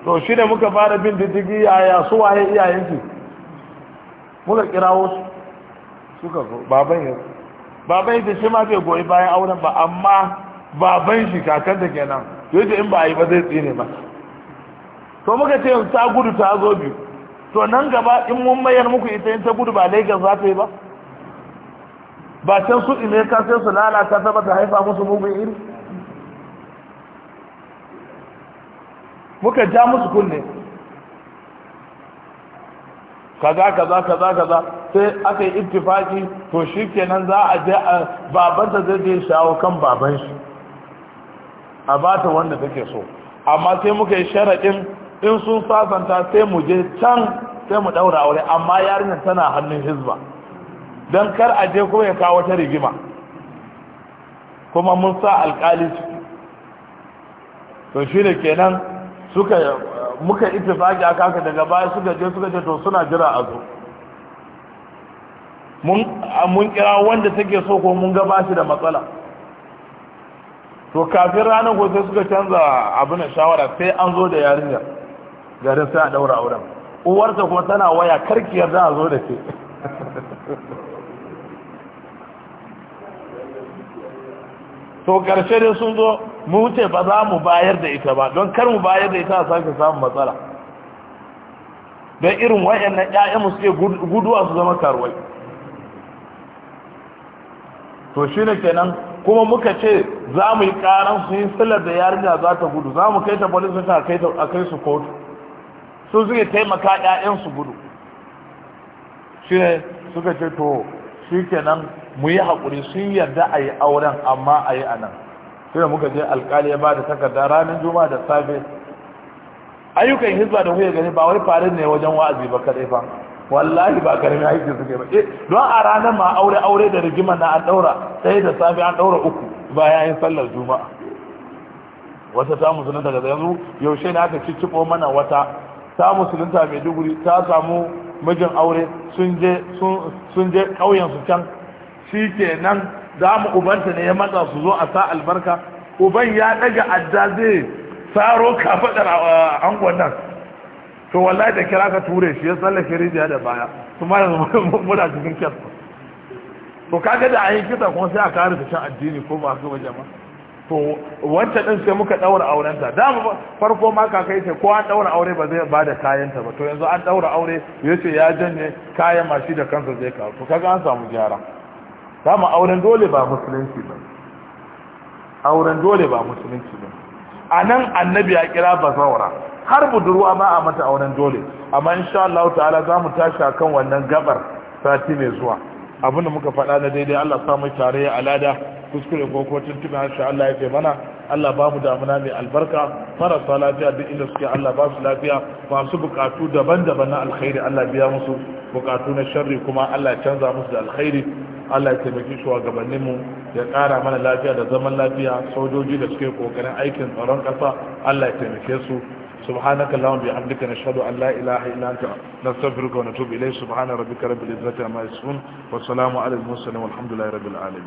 to shi ne muka fara bin diddigi yaya su waye iyayenki muka kira su suka zo baban ya baban ya shi ma bai goyi bayan auren ba amma baban shi kakan da kenan yace in ba a yi ba zai tsine ba to muka ce ta gudu ta zo biyu to nan gaba in mun mayar muku ita in ta gudu ba Lagos za ta yi ba ba can su ime ka sai su lalata ta ba ta haifa musu mugun iri muka ja musu kunne kaza kaza kaza kaza sai aka yi ittifaki to shikenan za a je a babanta zai shawo kan baban shi a bata wanda take so amma sai muka yi sharaɗin in sun fasanta sai mu je can sai mu ɗaura aure amma yarinyar tana hannun hizba don kar a je kuma ya kawo ta rigima kuma mun sa alƙali to shi ne kenan suka muka ittifaki aka haka daga baya suka je suka ce to suna jira a zo mun kira wanda take so ko mun gaba shi da matsala to kafin ranar ko sai suka canza abin shawara sai an zo da yarinyar garin sai a daura auren uwarta kuma tana waya karkiyar yarda a zo da ke to karshe dai sun zo mu wuce ba za mu bayar da ita ba don kar mu bayar da ita a sake samun matsala don irin wayannan ƴaƴan mu suke guduwa su zama karuwai to shi ne kenan kuma muka ce za mu yi karan su yi silar da yarinya za ta gudu za mu kai ta police station a kai su kotu sun suke taimaka ƴaƴan su gudu ne suka ce to shikenan mu yi haƙuri sun yarda a yi auren amma a yi a nan sai da muka je alkali ya ba da takarda ranar juma da safe ayyukan hizba da kuke gani ba wai farin ne wajen wa'azi ba kadai ba wallahi ba karami aiki suke ba eh don a ranar ma aure aure da rigima na an daura sai da safe an daura uku bayan yin sallar juma'a wata ta musulunta daga yanzu yaushe ne aka cicciɓo mana wata ta musulunta mai duguri ta samu mijin aure sun je sun can shi ke nan mu ubanta ne ya matsa su zo a sa albarka uban ya daga adda zai saro kafaɗar angon nan to wallahi da kira ka ture shi ya tsallake rijiya da baya kuma yanzu muna cikin kyasa to kaga da an yi kisa kuma sai a kare ta addini ko ba su ba jama'a to wancan din sai muka daura aurenta da farko ma kai sai ko an daura aure ba zai bada kayanta ba to yanzu an daura aure yace ya janye kayan mashi da kansa zai kawo to kaga an samu gyara samu auren dole ba musulunci ba auren dole ba musulunci ba anan annabi ya kira bazawara har budurwa ba a mata auren dole amma insha Allah ta'ala zamu tashi akan wannan gabar sati mai zuwa abin da muka faɗa na daidai Allah samu mai tare a lada kuskure ko ko tuntuna harshe Allah ya fi mana Allah ba mu damuna mai albarka marasa lafiya duk inda suke Allah ba su lafiya masu bukatu daban-daban na alkhairi Allah biya musu bukatu na sharri kuma Allah canza musu da alkhairi Allah ya taimaki mu ya ƙara mana lafiya da zaman lafiya sojoji da suke kogarin aikin tsaron ƙasa Allah ya taimake su سبحانك اللهم بحمدك نشهد أن لا إله إلا أنت نستغفرك ونتوب إليه سبحان ربك رب العزة عما يصفون والسلام على المرسلين والحمد لله رب العالمين